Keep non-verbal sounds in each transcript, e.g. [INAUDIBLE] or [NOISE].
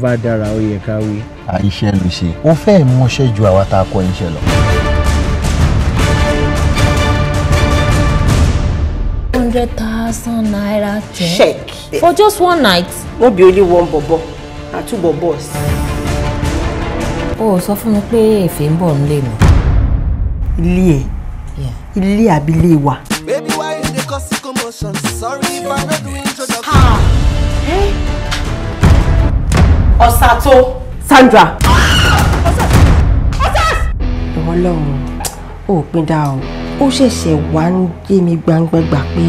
bá dára ó yẹ ká wí. àìṣe ló ṣe ó fẹ́ẹ́ mọṣẹ́ ju àwa tá a kọ́ iṣẹ́ lọ. hundred thousand naira check for just one night. no be only one bobo na two bobos. o sọ fún mi pé èfè ń bọ̀ nílé mi. ilé ẹ ilé àbílẹ̀ wa. baby why you dey cause commotion sorry if i no do introduction. Ọ̀sàtó. Sandra. Ọlọ́run ò o. Ó ṣẹ̀ṣẹ̀ wá ń yé mi gbangbangba pé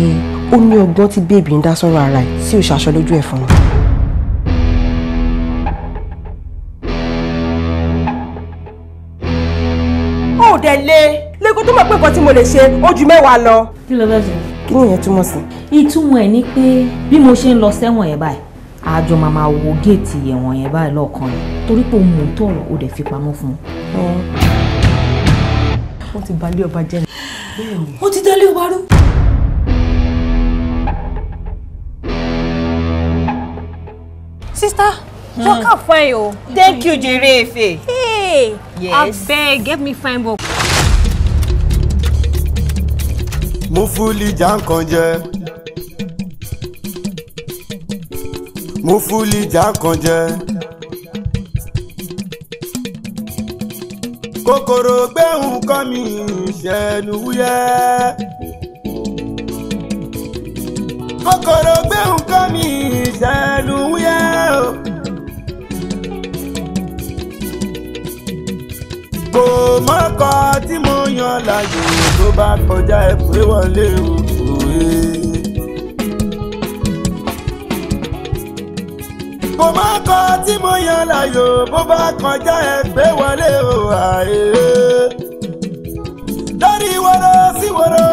ó ní ọgbọ́n tí bèbí ń dá sọ́rọ̀ ara ẹ̀ tí ò ṣaṣọ lójú ẹ̀ fún un. dẹ̀ lé lẹ́kọ́ tó mọ̀ pé nǹkan tí mo lè ṣe ó ju mẹ́wàá lọ. kí ló Kini ṣe. kí nìyẹn túmọ̀ sí. ìtumọ̀ ni pé bí mo ṣe ń lọ sẹ́wọ̀n yẹn àjọ máa máa wo géètì ẹ̀wọ̀n yẹn báyìí lọ́ọ̀kan ni torí pé òun mò ń tọ̀rọ̀ ó dẹ̀ fi pamọ́ fún un. wọ́n ti balẹ̀ ọba jẹ́ ni. wọ́n ti dalẹ̀ ọba rú. sister work hmm. out fine o. thank you jere efe. hey yes. abeg get me fine book. mo fún lè jà kan jẹ. mo fúli ìjà kan jẹ. kòkòrò gbẹ̀hùn kọ́ mi ìṣẹ́nu wúyẹ́. kòkòrò gbẹ̀hùn kọ́ mi ìṣẹ́nu wúyẹ́ o. kò mọ́kọ tí mo yan láàyè tó bá kọjá ẹ̀ pé o. kò má kọ tí mo yan láyò bó bá kọjá ẹ gbé wọlé o àyè. lórí woro sí woro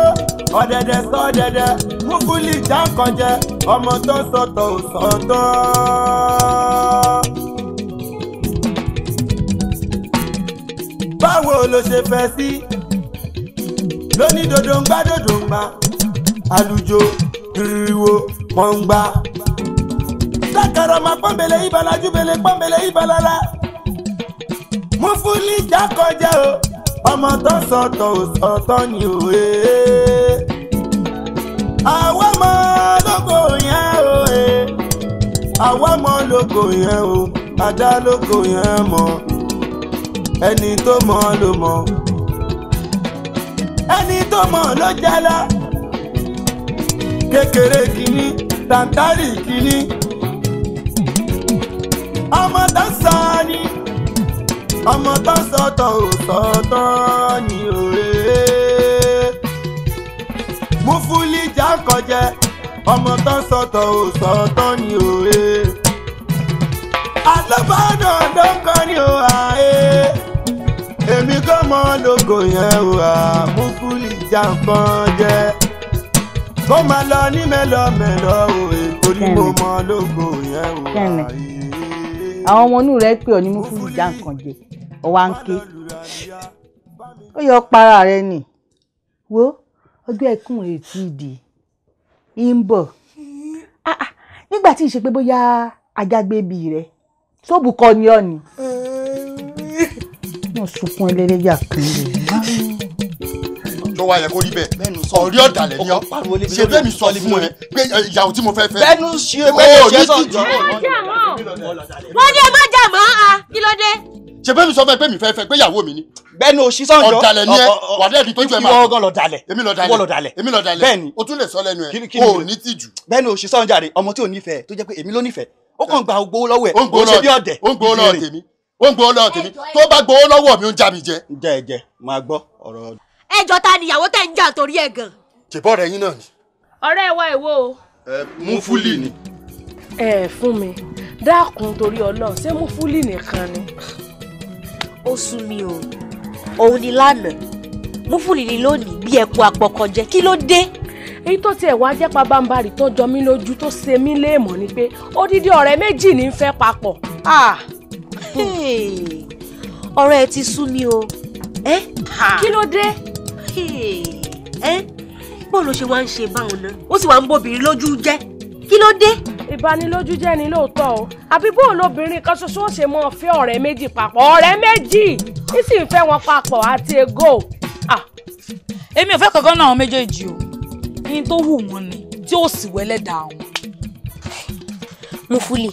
ọ̀dẹ̀dẹ̀ sọ ọ̀dẹ̀dẹ̀ múkúlì jákànjẹ ọmọ tó sọ̀tọ̀ ò sọ̀tọ̀. báwo ló ṣe fẹ́ sí lóní dòdòǹgbà dòdòǹgbà àlùjọ ìrìwò pọ̀ǹgbà ọ̀rọ̀ máa pọ́nbẹ̀lẹ̀ ìbàlájú bẹ̀lẹ̀ pọ́nbẹ̀lẹ̀ ìbàlára. mú fún ní jákọjá o ọmọ tó sọ̀tọ̀ ọ̀tọ̀ ni òwe. àwa mọ lóko yẹn o e. àwa mọ lóko yẹn o adá lóko yẹn mọ ẹni tó mọ ló mọ ẹni tó mọ ló jẹ lọ kékeré kìíní tàǹtàrì kìíní ọmọ tó sọ ni ọmọ tó sọtọ̀ ò sọtọ̀ ni òye Mufulija kọjẹ ọmọ tó sọtọ̀ ò sọtọ̀ ni òye alábàádàn tó ń kọ́ ni òwà ee èmi kò mọ lóko yẹn wà Mufulija nǹkan jẹ kó máa lọ ní mẹ́lọ́mẹ́lọ́ òye torí mo mọ lóko yẹn wà yìí àwọn ọmọ inú rẹ pé ọ ní múfúrú já nǹkan jẹ ọwọ́ à ó yọ para rẹ nì wo ọjọ́ ẹkún rẹ ti dì í ń bọ̀ ah, ah, nígbà tí ìṣe pé bóyá ajágbébí rẹ ṣóòbù kọ ni ọ ni mo sunkún ẹlẹ́lẹ́yà kan lè tó wá yẹ kó rí bẹ́ẹ̀ ọ̀rí ọ̀dàlẹ̀ ni ọ́ ṣe bẹ́ẹ̀ mi sọ fún ẹ pé ìyàwó tí mo fẹ́ fẹ́. bẹ́ẹ̀nu ṣe o ní tìjú. wọ́n ní má jà mọ́ a kí ló dé. ṣe bẹ́ẹ̀ mi sọ fún ẹ pé mi fẹ́ fẹ́ pé ìyàwó mi ni. bẹ́ẹ̀nu o ṣí sọ́njọ́ ọ̀dàlẹ̀ ni ẹ wà dẹ́ẹ̀dì tó jẹ́ máa. ìwọ lọ̀dàlẹ̀ èmi lọ̀dàlẹ̀ èmi lọ̀dàlẹ̀ bẹ́ẹ̀ni o tún lè sọ lẹ́nu ẹ o ò nífẹ̀ẹ́ tó jẹ́ pé èmi ló nífẹ̀ẹ́ ó kàn ẹjọ́ ta ni ìyàwó tẹ ń jà torí ẹ̀ gan. ṣèbọ̀ rẹ̀ yín náà ni. ọ̀rẹ́ ẹ wá o. ẹ mú fúlì ni. ẹ fún mi dákun torí Ọlọ́run ṣé mú fúlì nìkan ni. ó sún mi o òun ni lánàá mú fúlì ni lónìí bí ẹkú apọkànjẹ kí ló dé. èyí tó tiẹ̀ wá jẹ́ pabambarì tó jọ lójú tó ṣe mí léèmọ̀ ni pé odidi ọ̀rẹ́ méjì ní í fẹ́ papọ̀. ọ̀rẹ́ ẹ ti sú mi o. kí ló dé. ẹ eh? bọ́ọ̀lù ṣe wá ń ṣe báwọn náà ó sì wá ń bóbìnrin lójú jẹ́ kí ló dé. ìbanilójú jẹ́ ni lóòótọ́ o àbí bóòlù obìnrin kan ṣoṣo ó ṣe mọ́ fẹ́ ọ̀rẹ́ méjì papọ̀ ọ̀rẹ́ méjì ń sì ń fẹ́ wọn papọ̀ àti ego. Ah, èmi ò fẹ́ kankan náà àwọn méjèèjì o ní tó wù wọ́n ni tí ó sì wẹ́lẹ́dàá wọn. Mufuli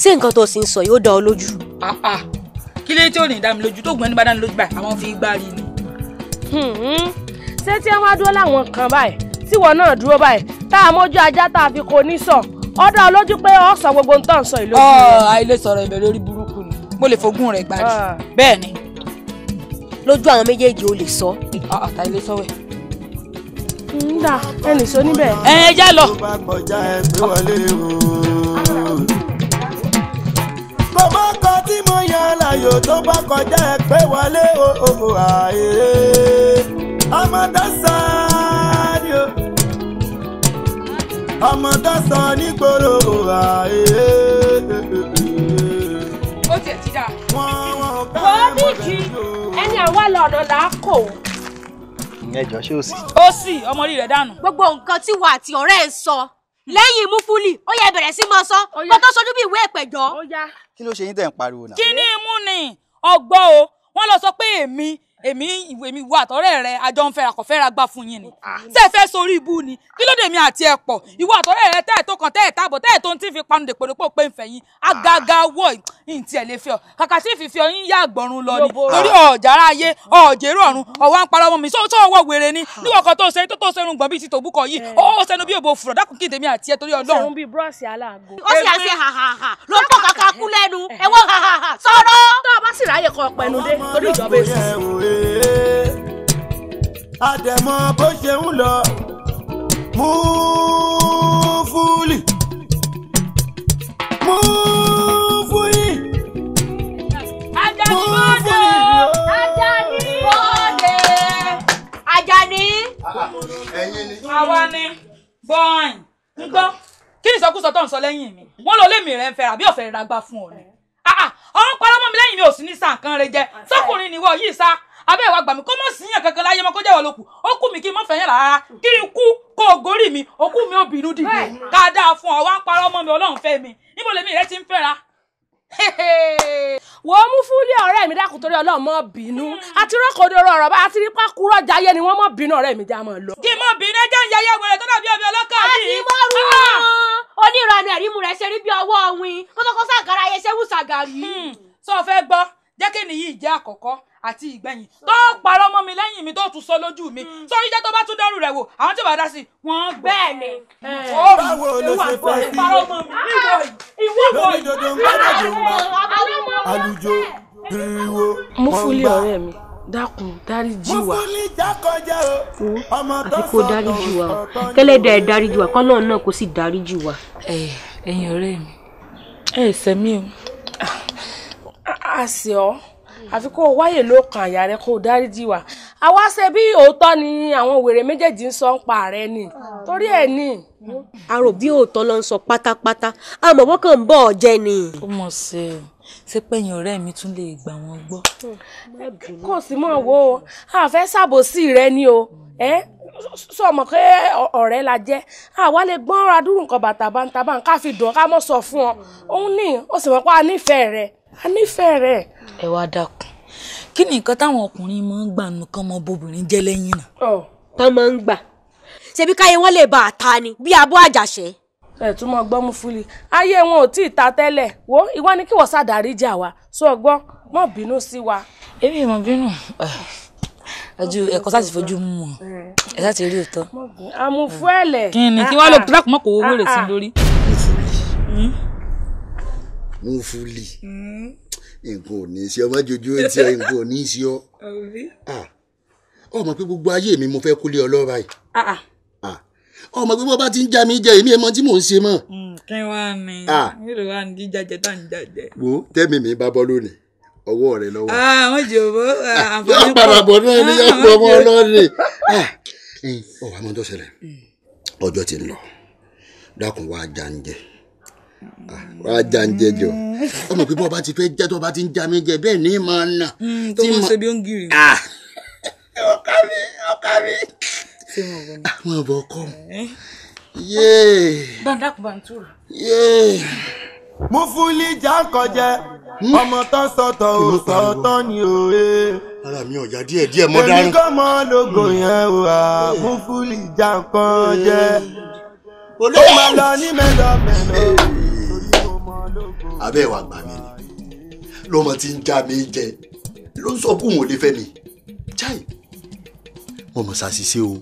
ṣé nǹkan tó sì ń sọ yóò dá ọ lójú. Ah, ah. kí lè tí ò ní dá mi lójú tó gbọ́n ní bá dá mi lójú báyìí àwọn fi gbá rí ni. Hmm. ṣé tí wọ́n á dúró láwọn kan báyìí tíwọ náà dúró báyìí tá a mójú ajá tá a fi kò ní sọ ọdọ olójú pé ọ sọ gbogbo ń tàn sọ ìlú. ọ àìlè sọ̀rọ̀ ìbẹ̀rẹ̀ orí burúkú ni mo lè fogún rẹ̀ gbàdí ah. bẹ́ẹ̀ ni. lójú àwọn méjèèjì o lè sọ. àtà ah, ah, ilé sọ wẹ. ń dà ẹnì sọ ẹ jẹ́ lọ. bóyá aláyò tó bá kọjá ẹ pé wọlé òhò àyè ọmọ tó sọ ni o ọmọ tó sọ nígboro àyè. ó tiẹ̀ ti dà. wọ́n wọ́n ká ẹ̀ mọ̀ lẹ́yìn o. ẹni àwa lọ́nà là á kò ó ẹjọ ṣé ó sì. ó sì ọmọ orí rẹ dànù. gbogbo nǹkan tí wà àti ọ̀rẹ́ ẹ̀ sọ lẹ́yìn mufuli ó yẹ bẹ̀rẹ̀ sí máa sọ kó tó sojú bí ìwé ìpẹ̀jọ́ kí ló ṣe yín tẹ̀ ń pariwo náà. kí ni imú ni ọgbọ́n o wọ́n lọ sọ pé èmi èmi ìwé mi wà àtọ́rẹ́ rẹ àjọ ń fẹ́ra kọ̀ fẹ́ra gbà fún yín ni tẹ́ ah. ẹ fẹ́ sórí ibú ni kí ló dé mi àti ẹ pọ̀ ìwọ àtọ́rẹ́ rẹ tẹ́ ẹ tó kàn tẹ́ ẹ tábọ̀ tẹ́ ẹ tó ń tí fi panu dèpòdèpò pé ń fẹ́ yín agaga wọ̀ yín tiẹ̀ lè fi ọ kàkà tí fífi ọ yín yá àgbọ̀run lọ ni torí ọ̀jára ayé ọ̀jẹ̀rú ọ̀run ọ̀wá ń parọ́ mọ́ mi sọ́ọ́ sọ́ọ́ wọ̀ wèrè ni ah. níwọ̀kan tó ṣe tó tó ṣe irungbọ̀n bíi ti tòbúkọ yìí ó eh. ó ṣẹnu bí èbò fùrọ̀ dákùn kí èdèmí àti ẹ torí ọlọ́run. ṣòun bíi búrọ́ọ̀sì aláàgọ́. ó sì àṣe hàhàhà ló ń pọ̀ kàkà kú lẹ́nu eh. ẹ̀wọ̀n hàhàhà sọ̀rọ̀. tó o bá sì ráyè kọ pẹ̀lú dé torí ìjọba èso àdẹ̀mọ bó ṣe ń lọ mú fúlì mú fúlì mú fúlì yóò. Ajani bọ́ọ̀lì Ajani. Ah, ẹ̀yin ni. àwa ni bọ́ọ̀n ń gbọ́ kí ni ìsọkúsọ tó ń sọ lẹ́yìn mi wọ́n lọ lémi rẹ̀ ń fẹ́ àbí ọ̀fẹ́ rẹ̀ ra gbá fún ọ ni ah, ah, ọ̀hún paramọ́ mi lẹ́yìn mi ò sí ní sàn kan rẹ jẹ sọkùnrin nìwọ yìí sá abẹ́ ìwà gbàmí kó mọ̀ síyàn kankan láyé mọ́ kó jẹ́ wà lókù ó kù mí kí n mọ̀ fẹ́yàn rárá kí n kú kó o gorí mi ó kù mí obìnrin dìde ká dáa fún ọ wá ń parọ́ mọ́ mi ọlọ́run fẹ́ mi níbo lèmi rẹ ti ń fẹ́ra [LAUGHS] wò ó mú fúlé ọ̀rẹ́ mi dákun torí ọlọ́run mọ́ bínú àti rọ́kòdoro ọ̀rọ̀ bá a ti rí pákúrọ̀ jayé ni wọ́n mọ́ bínú ọ̀rẹ́ mi já mọ́ lọ. kí mo bínú ẹjẹ́ ń yẹyẹ wẹ̀rẹ̀ tó dàbí ọbẹ̀ ọlọ́kà mi. àti mọ́rù wọn ah! onírànú ẹ̀rímù rẹ̀ ṣe rí bí ọwọ́ win kótókó sàgàrà ayé ṣẹ́wù sàgàrì. sọ hmm. fẹ́ gbọ́ jẹ́ kí nìyí ìjẹ́ àkọ́kọ́ àti ìgbẹ̀yìn tó parọ́ mọ́ mi lẹ́yìn mi tó tún sọ lójú mi hmm. sórí jẹ́ tó bá tún dẹ́rù rẹ̀ wò àwọn tí ò bá dá sí wọ́n bẹ́ẹ̀ ni hmm. báwo ló ṣe fẹ́ sí ah, lórí dodo ń gbọ́dọ̀ ló ń bá àlùjọ ìrìnwó wọn gbà. Mufuli ọ̀rẹ́ mi dákun dáríjì wá wo àti kó dáríjì wá kẹlẹ́dàá ẹ̀ dáríjì wá náà kó sì dáríjì wá. ẹ̀yin ọ̀rẹ́ mi ẹ ṣẹ̀ mí o ah, a ṣẹ̀ ọ́ àfi kó o wáyè ló kan àyà rẹ kó o dáríjì wá àwa ṣe bí òótọ́ ni àwọn wèrè méjèèjì ń sọ ń pa rẹ ni torí ẹ̀ ni. àrò bí òótọ́ ló ń sọ pátápátá àmọ́ wọ́n kàn ń bọ̀ ọ́ jẹ́ ni. ó mọ̀ sí i ṣé pẹ̀yìn ọ̀rẹ́ mi tún lè gbà wọ́n gbọ́. kò sí mọ̀ wo àfẹ́ ṣàbòsí rẹ ni o sọ mọ̀ pé ọ̀rẹ́ la jẹ́ àwa lè gbọ́n adúrú nǹkan bàtàbàǹtàbà ká fi dùn ká mọ̀ sọ fún ọ òun ní o sì mọ̀ pé a nífẹ̀ẹ́ rẹ̀ a nífẹ̀ẹ́ rẹ̀. ẹ wá dákun kí ni nǹkan táwọn ọkùnrin máa ń gbà nǹkan ọmọ obìnrin jẹ́ lẹ́yìn náà. tá a máa ń gbà ṣebí káyé wọn lè bá a ta ni bí abọ́ àjàṣe. ẹ tún mọ gbọ́ mú fúli ayé wọn ò tí ì ta tẹ́lẹ̀ wo ìwọ ni kí wọ́n ṣàdárí jà wá sọ ọgbọ́n mọ̀ bínú sí wa. èmi mọ̀ bínú ojú ẹkọ sáti fojú mú wọn ẹ sáti rí òótọ́. àmùfú kí ni kí ah, wọ́n lè ah. dákun mọ́ kó owó rẹ̀ sí ah, lórí mú fúlì hmm. nǹkan ò ní í ṣe ọmọ jojú ẹ ti nǹkan ò ní í ṣe ọ. ọmọ pé gbogbo ayé mi mo fẹ́ kólé ọlọ́ra yìí ah, ah. ọmọ pé bó bá ti ń já mi jẹ èmi ẹ mọ tí mò ń ṣe mọ. Hmm, kí wá ni nílò wá ní jíjàjẹ tá à ń jàjẹ. wo tẹ́mi mi bá bọ́ lónìí ọwọ́ rẹ lọ́wọ́. àwọn jòwó ah, àǹfààní pọ̀ yóò padà bọ̀ náà ní ọ̀pọ̀ ọmọ ọlọ́ọ̀ni. ọ̀hún àmọ́ tó ṣẹlẹ̀ hmm. ọjọ́ ti ń lọ dákun wá já Mm. wà á já ń jẹ jọ ọmọ pé bọ́ọ̀ bá ti fẹ́ jẹ́ tó bá ti ń já mi jẹ bẹ́ẹ̀ ní máa nà. Mm, tó mọ̀ ṣe bí ó ń gírì. ọkà mi ọkà mi. àwọn ọ̀bọ̀ ọkọ mi. dandakun bantura. Mufuli Jankọjẹ ọmọ tó sọtọ ò sọtọ ni òye. ara mi ọjà díẹ̀ díẹ̀ mọ dárú. èmi kọ́ mọ logo hmm. yẹn wà Mufuli Jankọjẹ. ó máa lọ ní mẹ́lọ́mẹ́lọ́ abẹ́ ìwà àgbà mi ni lọ́mọ tí ń já mi jẹ ló ń sọ pé òun ò lè fẹ́ mi chai mo mọ̀ ṣàṣìṣe o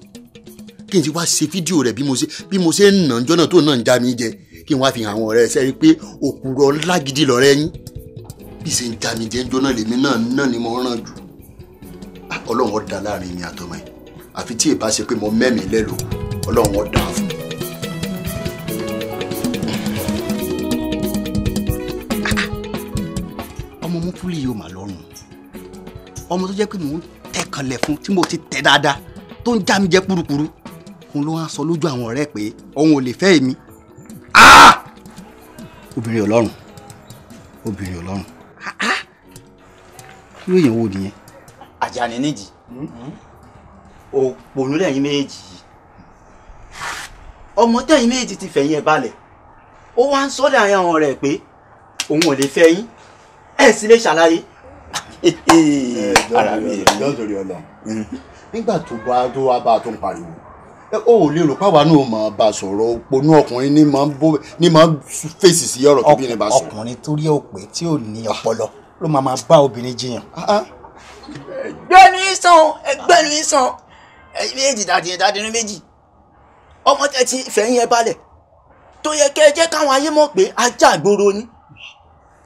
kí n ti wá ṣe fídíò rẹ̀ bí mo ṣe bí mo ṣe ń nà jọ́nà tó nà ń já mi jẹ kí n wá fi hàn àwọn ọ̀rẹ́ sẹ́rí pé òkúrọ̀ ńlá gidi lọ́rẹ́ yín bí ṣe ń já mi jẹ ń jọ́nà lèmi náà náà ni mo ràn jù ah, ọlọ́run ó dá láàrin mi àtọmọ yìí àfi tí ìbá ṣe pé mo mẹ́mìí lẹ́lò ọlọ́run ó fún túlì yóò mà lọ́rùn ọmọ tó jẹ́ pé mò ń tẹ̀ kanlẹ̀ fún tí mo ti tẹ̀ dáadáa tó ń já mi jẹ́ kúrukúru òun ló wá sọ lójú àwọn ọ̀rẹ́ pé òun ò lè fẹ́ èmi ah! obìnrin ọlọ́run obìnrin ọlọ́run ah! irú èèyàn wo nìyẹn. àjàní níjì hmm? hmm? òpònú lẹ́yìn méjì ọmọ tẹ́yìn méjì ti fẹ̀yìn ẹ̀ balẹ̀ ó wá ń sọ́dọ̀ àwọn ọ̀rẹ́ pé òun ò lè fẹ́ yín ẹ̀ sì lè ṣàlàyé ara mi rí lọ́dọ̀rí ọ̀la nígbà tó bá tó wá bá tó ń pariwo ó ò lè rò páwa náà máa bá a sọ̀rọ̀ òponú ọkùnrin ní máa bó ní máa fèsì sí ọ̀rọ̀ tó bínú bá sọ. ọkùnrin tó rí òpè tí ò ní ọpọlọ ló máa máa bá obìnrin jiyàn. gbẹ́nu ìsàn gbẹ́nu ìsàn méjì dàdí dàdínú méjì ọmọ tẹ ti fẹ̀yìn ẹ balẹ̀ tó yẹ kẹ́ ẹ jẹ́ káwọn ayé mọ̀ pé ajá àgbòrò ni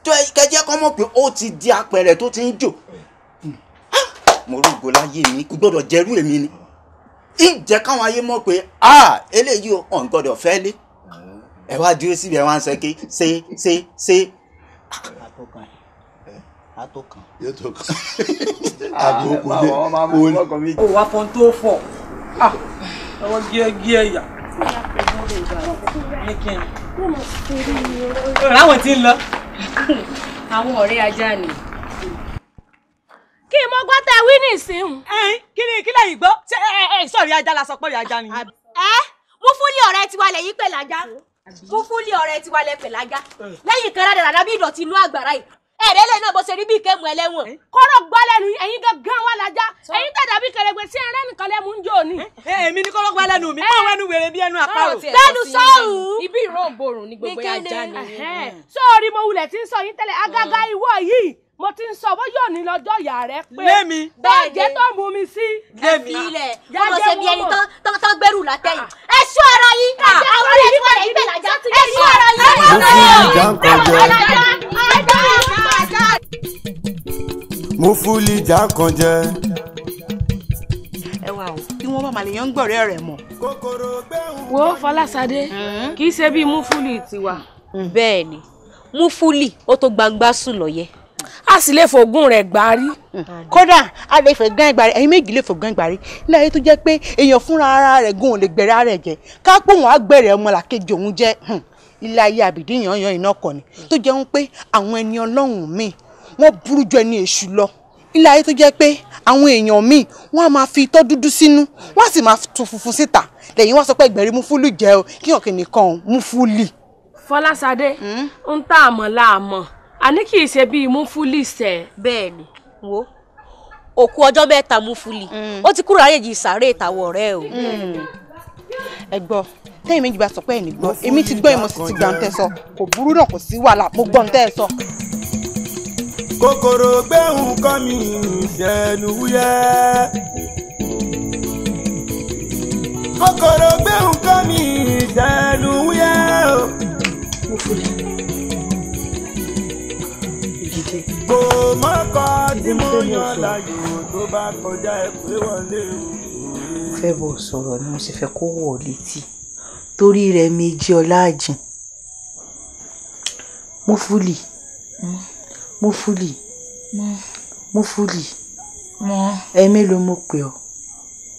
tó kẹjẹ kọ́ mọ̀ pé ó ti di apẹ̀rẹ̀ tó ti ń jò ah, mo rúgbó láyé mi kò gbọ́dọ̀ jẹ́rú èmi ni ìjẹ́ káwọn ayé mọ̀ pé ah, eléyìí ọ̀n gbọ́dọ̀ fẹ́ lé ẹ wá dúró síbi ẹ wá ń sọ pé ṣe ṣe ṣe. àtọkàn tí ah, ń lọ àwọn ọ̀rẹ́ ajá ni. kí mo gbọ́ tẹ wí nísìnyìí. kí ni kí lẹ́yìn gbọ́ ṣé sọ̀rí ajá la sọ pé rí ajá ni. ẹ mú fúlì ọ̀rẹ́ tiwa lẹ́yìn pẹ̀lájá mú fúlì ọ̀rẹ́ tiwa lẹ́ pẹ̀lájá lẹ́yìn kan rádàràdà bí ìdọ̀tí inú àgbàrá yìí ẹ̀rẹ́ lè náà bó ṣe rí bí ìkému ẹlẹ́wọ̀n eh? kọ́rọ̀ gbọ́ lẹ́nu ẹ̀yin gangan wà lájà ẹ̀yin tẹ̀dá bí kẹrẹgbẹ sí ẹ̀rẹ́ nìkan lẹ́mu ń jò ní. Eh, eh, èmi ní kọ́rọ̀ gbọ́ lẹ́nu mi báwo ẹnu wèrè bí ẹnu àparò. lẹ́nu sọ́ọ̀hún. ibi ìrọ̀ǹborùn ni gbogbo ajá ni. Mm. sóòrì mo wulẹ̀ tí ń sọ yín tẹ́lẹ̀ mm. àgàgà ìwọ yìí mo ti ń sọ bó yóò ní lọ́jọ́ ìyá rẹ pé lémi bẹ́ẹ̀ jẹ́ tó mú mi sí. lémi ilẹ̀ wọ́n lọ ṣe bí ẹni tán tán gbẹ́rù látẹ̀yìn. Ah, ah. ẹ ṣọ́ ara yín ah, àwọn ẹni wọ́n rẹ̀ ibẹ̀ làjá ẹ ṣọ́ ara yín. ẹ ṣọ́ ara yín mo fúli ìjà kan jẹ. ẹ wà o kí wọn bá màlẹyàn gbọrẹ rẹ mọ. wo fọlásadé kì í ṣe bí mufuli tiwa. Mm. bẹ́ẹ̀ ni mufuli ó tó gbangba sùn lọ́yẹ a sì lè fògùn rẹ̀ gbárí. Mm. kódà a lè fẹ́ gán ìgbà rẹ̀ ẹ̀yin méjì lè fògùn ìgbà rẹ̀ láyé tó jẹ́ pé èèyàn fúnra ara rẹ̀ gùn ò lè gbẹ̀rẹ̀ ara rẹ̀ jẹ ká pòun á gbẹ̀rẹ̀ ọmọlàkejì òun jẹ́ hmm ilé ayé àbìdí yanyan iná kọ ni tó jẹun pé àwọn ẹni ọlọ́run míì wọ́n burú ju ẹni èṣù lọ ilé ayé tó jẹ́ pé àwọn èèyàn míì wọ́n á máa fi itọ́ dúdú sínú wọ́n á sì máa tu funfun síta lẹ́yìn wọ́n sọ pé ìgbẹ̀rí múfúlù jẹ́ o kí ọ̀kìn nìkan múfúlì. fọlásadé ń hmm? tá a mọ̀ àní kì í ṣe bíi múfúlì sẹ̀. bẹ́ẹ̀ ni wo òkú ọjọ́ mẹ́ta múfúlì hmm. ó ti kúrò ayé yìí ìtàwọ̀ rẹ̀ o. Hmm. ẹ gbọ́ tẹ́yìn méjì bá sọ pé ẹnì gbọ́ èmi ti gbọ́ ìmọ̀ sí ti gbà ń tẹ́ sọ kò burú náà kò sí wàhálà mo gbọ́ ń tẹ́ sọ. kòkòrò gbẹ̀hùn kọ́ mi ìṣẹ̀nu wúyẹ́. kòkòrò gbẹ̀hùn kọ́ mi ìṣẹ̀nu wúyẹ́. kò mọ́kọ́ tí mo yan láyò tó bá kọjá ẹ̀ pé wọlé o. fẹ́ bọ̀ sọ̀rọ̀ ni mo sì fẹ́ kó wọ̀ létí torí rẹ̀ méjì ọ̀làájìn múfúlì múfúlì múfúlì ẹ̀ẹ́mélòó mo pè ọ́.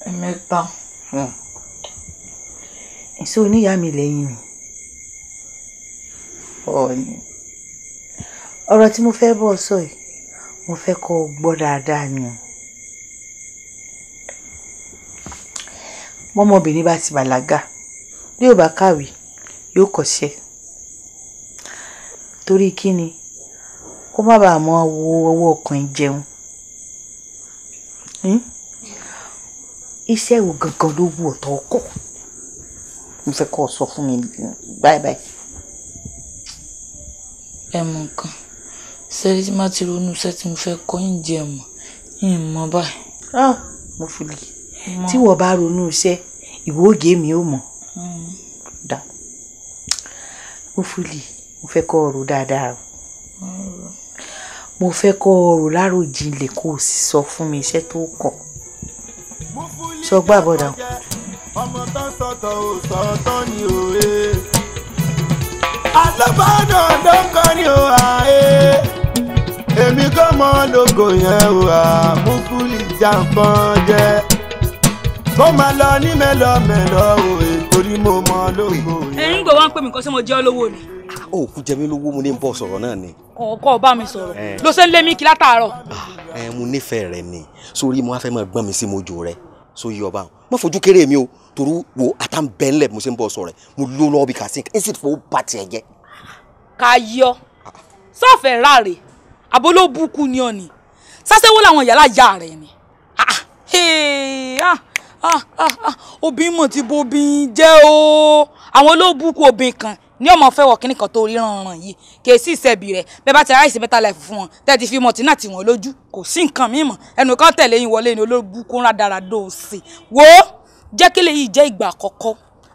ẹ̀mẹ́ta. ìṣó oníyàá mi lẹ́yìn mi. ọ̀ọ́ni ọ̀rọ̀ tí mo fẹ́ bọ̀ sọ yìí mo fẹ́ kọ́ ọ gbọ́ dáadáa ni o. mọ́mọbìnrin bá ti bàlágà bí ò bá kàwé yóò kọ́ṣẹ́ torí kí ni kó má bàa mọ wo ọwọ́ ọkùnrin jẹun hmm? iṣẹ́ wo gangan ló wù ọ̀tọ̀ ọkọ̀ mo fẹ́ kọ́ ọ sọ fún mi báyìí báyìí. ẹ mọ nǹkan sẹ́rí tí má ti ronú iṣẹ́ tí mo fẹ́ kọ́ ń jẹ mọ̀ ń mọ báyìí. Ah, mo fi lè tí wọ́n bá ronú iṣẹ́ ìwọ́gẹ̀ mi ò mọ̀ dá Mufuli mo fẹ́ kọ́ ọ̀rọ̀ dáadáa o mo fẹ́ kọ́ ọ̀rọ̀ láròjinlẹ̀ kó o sì sọ fún mi iṣẹ́ tó kọ̀ sọ gbà bọ̀dà. ọmọ tó sọ̀tọ̀ ò sọ̀tọ̀ ni òye alábàádọ́ ló ń kọrin ò àyè èmi kò mọ lóko yẹn ò à Mufuli jàǹfọ̀n jẹ́ kó máa lọ ní mẹ́lọ́mẹ́lọ́ òwe torí mo mọ lógo. ẹ̀yin gbọ́ wá ń pè mí kọ́ sí mo jẹ́ olówó ni. ó kú jẹ mí lówó mo ní bọ́ sọ̀rọ̀ náà ni. ọkọ bá mi sọ̀rọ̀ ló ṣe ń lé mi kí látàárọ̀. ẹ mo nífẹ̀ẹ́ rẹ ni sórí mo á fẹ́ máa gbọ́n mi sí mojú rẹ so yí ọba mo fojú kéré mi o toru wo àtàǹbẹ̀ńlẹ̀ mo ṣe ń bọ̀ sọ̀rọ̀ rẹ mo ló lọ́ọ́ bí kàsínkì ẹ̀ sì fowó bá tiẹ̀ jẹ́. ká yọ sọ́ọ̀fẹ̀ ráre àbólóbùkún ni ọ̀nì làwọn ìyálà yá rẹ̀ ni. Ah, ah, ah. Ah, ah, ah, obìnrin mọ̀ ti bo obìnrin jẹ́ o àwọn olóòbùkù obìnrin kan ní ọmọ fẹ́ wọ̀ kíní kan tó rí rànràn yìí kèé sì ṣẹ̀bi rẹ̀ bẹ́ẹ̀ bá ti ráìsì mẹ́ta láì fún wọn tẹ́ ti fi mọ̀tínà tì wọ́n lójú kò sí nǹkan mímọ̀ ẹnu kan tẹ̀lé yín wọlé ní olóòbùkù rádára dòsè wo jẹ́ kí lè yìí jẹ́ ìgbà àkọ́kọ́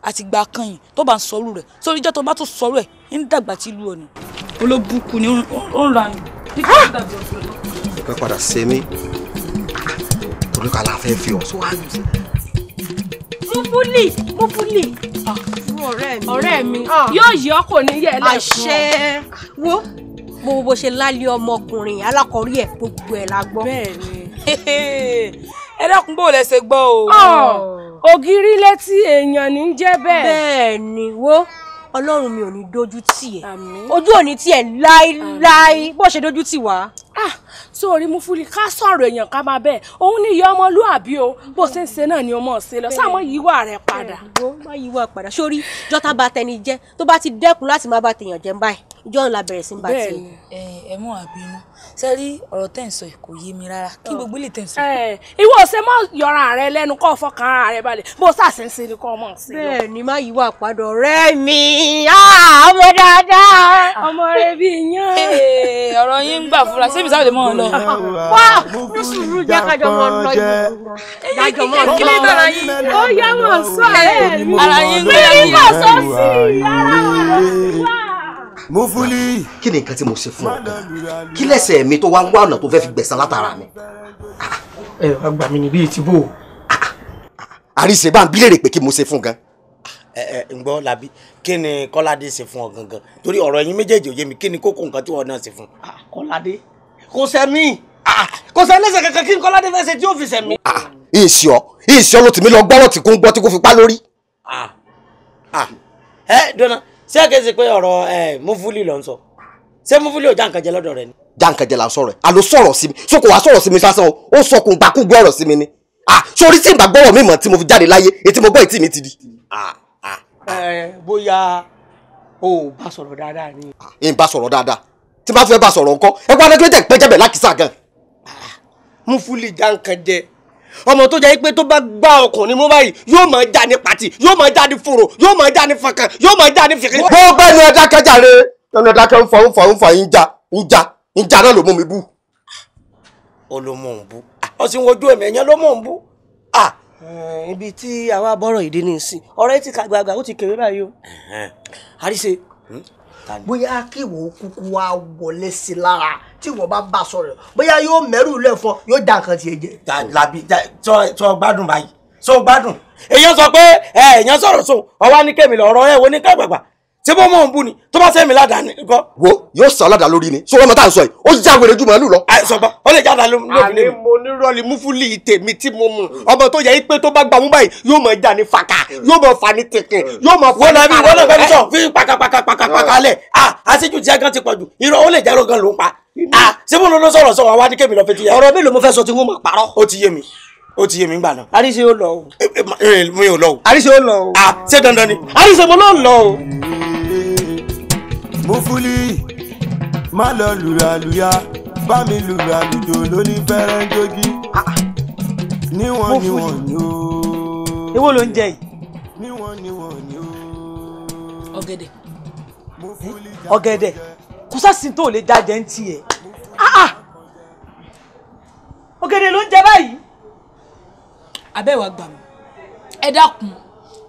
àti ìgbà akanyìn tó bá ń sọrú rẹ̀ sórí ìjọ́ tó bá tún sọrú ẹ̀ ń dàgbà tí lu ọ̀nà olóòbùkù ni ó ń ra ní múfúlì múfúlì ah, ọ̀rẹ́ mi ah. yóò yí ọkọ níyẹ lẹ́kọ̀ọ́. àṣẹ wo mo bó ṣe lálẹ́ ọmọkùnrin alákọ̀ọ́rí ẹ̀ gbogbo ẹ̀ la gbọ́. bẹ́ẹ̀ni [LAUGHS] ẹ dákun bò lẹ ṣe gbọ́ o. Oh, ògiri létí èèyàn ní í jẹ́ bẹ́ẹ̀. wo ọlọ́run mi ò ní dojú tì ẹ́ ojú ò ní tì ẹ́ láéláé bó ṣe dojú tì wá. ah sórí mú fúli ká sọ̀rọ̀ èèyàn ká máa bẹ́ẹ̀ òun ní ìyá ọmọlúàbí o bó ṣe ń ṣe náà ni o mọ̀ ṣe lọ sáà mọ́ yíwà rẹ padà. má yíwà padà sórí jọta bá tẹni jẹ tó bá ti dẹ́kun láti má bá tèèyàn jẹ báyìí john la bẹ̀rẹ̀ sí ń bá tiẹ̀. bẹ́ẹ̀ni ẹ mọ àbínú ṣe rí ọ̀rọ̀ tẹ́ ń sọ kò yé mi rárá kí gbogbo ilé tẹ́ ń sọ. ìwọ ṣe mọ yọra rẹ lẹ́nu kọ fọkàn rẹ balẹ̀ bó ṣàṣẹ ń ṣe ni kọ mọ sí. bẹ́ẹ̀ni má yíwọ àpàdọ ọ̀rẹ́ mi ah, ọmọ dáadáa ọmọ rẹ bí yan. ọ̀rọ̀ yín ń gbà fúra ṣé mi sábà lè mọ mọ́ lọ. wá ní sùúrù jẹ́ kájọ mọ́ lọ yìí. kájọ mọ́ lọ kílé náà yìí. ó yẹ wọn sọ ẹ mi. ara yín ń gbé yín. mímọ sọ sí ara wa. mo fúli. kí ni nǹkan tí mo ṣe fún ọ gan kí lẹ́sẹ̀ mi tó wá ń wá ọ̀nà tó fẹ́ fi gbẹ̀san látara mi. ẹ àgbà mi ni bíi ti bò. àríṣe bá ń bí léèrè pé kí mo ṣe fún gan ẹ ń gbọ́ labi kí ni kọ́ládé ṣe fún ọ gangan torí ọ̀rọ̀ ẹ̀yin méjèèjì ò yé mi kí ni kókó nǹkan tí wọ́n náà ṣe fún. Ah, kọ́ládé kò sẹ́mi ah, kò sẹ́ lẹ́sẹ̀ kankan kí n kọ́ ládé fẹsẹ̀ tí ó fi sẹ́mi. Ah, ìṣọ́ ìṣọ́ ló ti mi lọ gbọ́rọ̀ tí kò ń gbọ́ tí kò fi pa lórí. Ah, ẹ dọ́nà ṣé kìí ṣe pé ọ̀rọ̀ mufuli ló ń sọ ṣé mufuli ò já lọ́dọ̀ rẹ ni. já la jẹ là ń sọ̀rọ̀ ẹ̀ àló sọ̀rọ̀ sí mi sókò wá sọ̀rọ̀ sí mi sásán o ó sọ kò gbà kó gbọ́ ọ̀rọ̀ sí mi ni. sórí tí ìgbà gbọ́rọ̀ mi mọ̀ tí mo fi jáde láyé etí mo gbọ́ etí mi ti di. bóyá o ò bá sọ̀rọ̀ dáadáa ni. ì tí bá fẹ́ bá sọ̀rọ̀ ńkọ́ ẹ pa adékúrétẹ̀ pẹ́jẹ́bẹ̀ lákìsà gan. Mufuli jankan jẹ ọmọ tó jẹ́ pé tó bá gbá ọkùnrin mú báyìí yóò máa já ní pàtì yóò máa já ní fòrò yóò máa já ní fàkàn yóò máa já ní fìkì. bó bá ní ọjà kájàre ẹnu ọjà kan ń fa ń fa ń fa ń ja ń ja ń ja náà ló mú mi bú. ó ló mọ̀ ń bú ó wojú ẹ̀mí ẹ̀yán ló mọ̀ ń bú. ibi tí àwa bọ́rọ̀ ìdí ni sí ọ̀rẹ́ ti kàgbàgbà ó ti kéré báyìí o àríṣe hmm? bóyá kí ìwọ kúkú wá wọlé sí lára tí ìwọ bá bá sọ̀rọ̀ bóyá yóò mẹ́rù ilé ẹ̀fọn yóò dá nǹkan tiẹ̀ jẹ. làbí tó gbádùn báyìí tó gbádùn èèyàn sọ pé èèyàn sọ̀rọ̀ sùn ọwọ́ ní kẹ́mi lọ́rọ̀ ẹ̀ wo ní kágbàgbà ṣé bọ́ mọ̀ ń bú ni tó bá sẹ́mi ládàá ni kọ́. wo yóò sọ ọlọ́dà lórí ni sọ̀rọ̀ mọ́tà ń sọ yìí ó já wèrè ju màálù lọ. àìsọ̀gbọ́n ó lè jáde lómi. àlẹ́ mo nírọ̀lì múfúlì tèmi tí mo mù ọmọ tó yẹ pé tó bá gbà mú báyìí yóò mọ̀ jà ní fàkà yóò mọ̀ fà ní tìkìn yóò mọ̀ fà ní fàkà. wọ́n náà sọ fi pàkàpàkàpàkà lẹ̀ ah àṣejù tí a gan ti pọ̀ jù irọ́ ó lè jẹ́ rogan ló ń pa ah ṣé mo lọ sọ̀rọ̀ sọ̀rọ̀ àwa ní kémi lọ fi ti yẹ. ọ̀rọ̀ mélòó mo fẹ́ sọ tí wọ́n máa mi ó ti yé mi gbà náà. àríṣe ó lọ o. mi ò lọ o. àríṣe ó lọ o. ah se dandan ni. àríṣe mo náà lọ o. Mufuli má lọ lùràlùyà bá mi lùràlùjò lóní fẹ́rẹ́ jogi ah, ah. níwọ̀n níwọ̀n ni o. èwo ló ń jẹ yìí. níwọ̀n níwọ̀n ni o. ọ̀gẹ̀dẹ̀ ọ̀gẹ̀dẹ̀ kùsàsì tó lè dájẹ́ ń tiẹ̀ ah, ọ̀gẹ̀dẹ̀ ló ń jẹ báyìí. abẹ́wà gbà mí ẹ dákun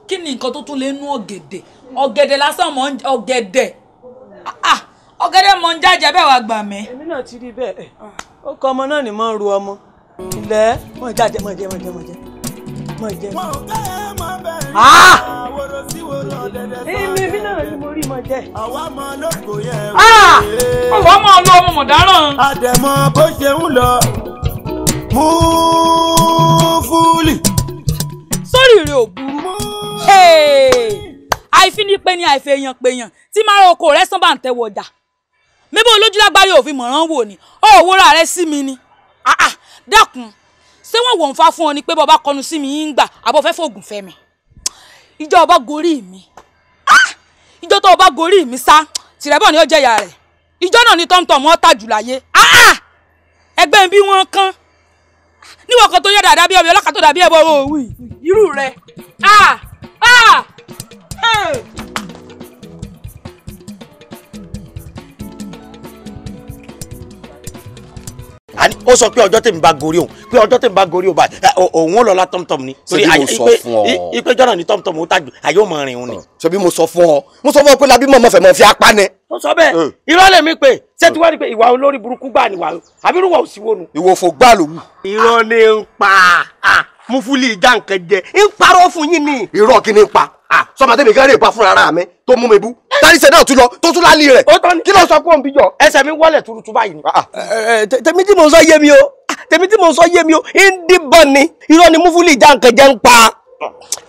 kí ni nǹkan tó tún lè nú ọ̀gẹ̀dẹ̀ ọ̀gẹ̀dẹ̀ lásán mọ́ ọ̀gẹ̀dẹ̀ Ah, ah, ọ̀gẹ̀dẹ̀ mọ̀ ń jájà bẹ́ẹ̀ wá gbà mí. èmi náà ti rí bẹ́ẹ̀ ó kọ ọmọ náà ní mọ́ ru ọmọ ilẹ̀ mọ̀ jájà mọ̀ jẹ́ mọ̀ jẹ́ mọ̀ jẹ́ mọ̀ jẹ́. èmi náà ni mo rí mọ̀ jẹ́. àwa mọ lóko yẹn. Ah! Eh. ọwọ́ mọ lọ ọmọ mọ̀dáràn. àdẹ̀mọ bó ṣe ń lọ mú fúlì. sórí rẹ̀ ò burú àìfínipe ni àìfèèyàn pèèyàn tí máa rọ oko rẹ sán bá ń tẹwọ ọjà mébò lójúlágbárí òfin mọ̀ràn wò ni ó wúra rẹ sí mi ni dákun ṣé wọn wọ̀n fa fún ọ ni pé bọba kọnu sí mi ń gbà àbọ̀ fẹ́ fògùn fẹ́ mi ìjọ ọba gorí mi ìjọ tó ọba gorí mi sá tìrẹ́bọ̀ ni ó jẹ́ ìyá rẹ̀ ìjọ náà ni tọ́mtọ́m wọn tà jù láyé ẹgbẹ́ bí wọ́n kán níwọ̀n kan tó yẹ dàdá bí ọbẹ̀ ọlọ́kà tó dàbí ẹ̀bọ̀ òwì irú rẹ̀ ah ah ó sọ pé ọjọ́ tèmi bá gorí òun pé ọjọ́ tèmi bá gorí òun báyìí òun ó lọ la tọ́mtọ́m ni. torí ipe jọ́nà ni tọ́mtọ́m ó tàjù àyè ó mọ rin òun ni. ṣebí mo sọ fún ọ mo sọ fún ọ pé labí mọ̀mọ́ fẹ̀ mọ̀ fi apá ni. mo sọ bẹ́ẹ̀ irọ́ lè mi pé ṣé tí pé ìwà olórí burúkú gbà ni wà ó àbí rúwà ò sí wónú. ìwò gbà ló wù. irọ́ ni ń pa ah, mufuli ìjà nǹkan jẹ ń parọ́ fún yín ni. irọ́ kí ni ń pa Ah, sọmọdé mi kan lè pa fúnra ara mi tó mú mi bú táríṣẹ náà tún lọ tó tún lálẹ́ rẹ̀ kí ló sọ pé òun bí jọ ẹsẹ̀ mi wọlé tuurutu báyìí ni. Ah, ah, eh, eh, eh, tèmi tí mo sọ yé mi o tèmi tí mo sọ yé mi o ndíbọn ni irọ́ ni múfúlì já nǹkan jẹ́ ń pa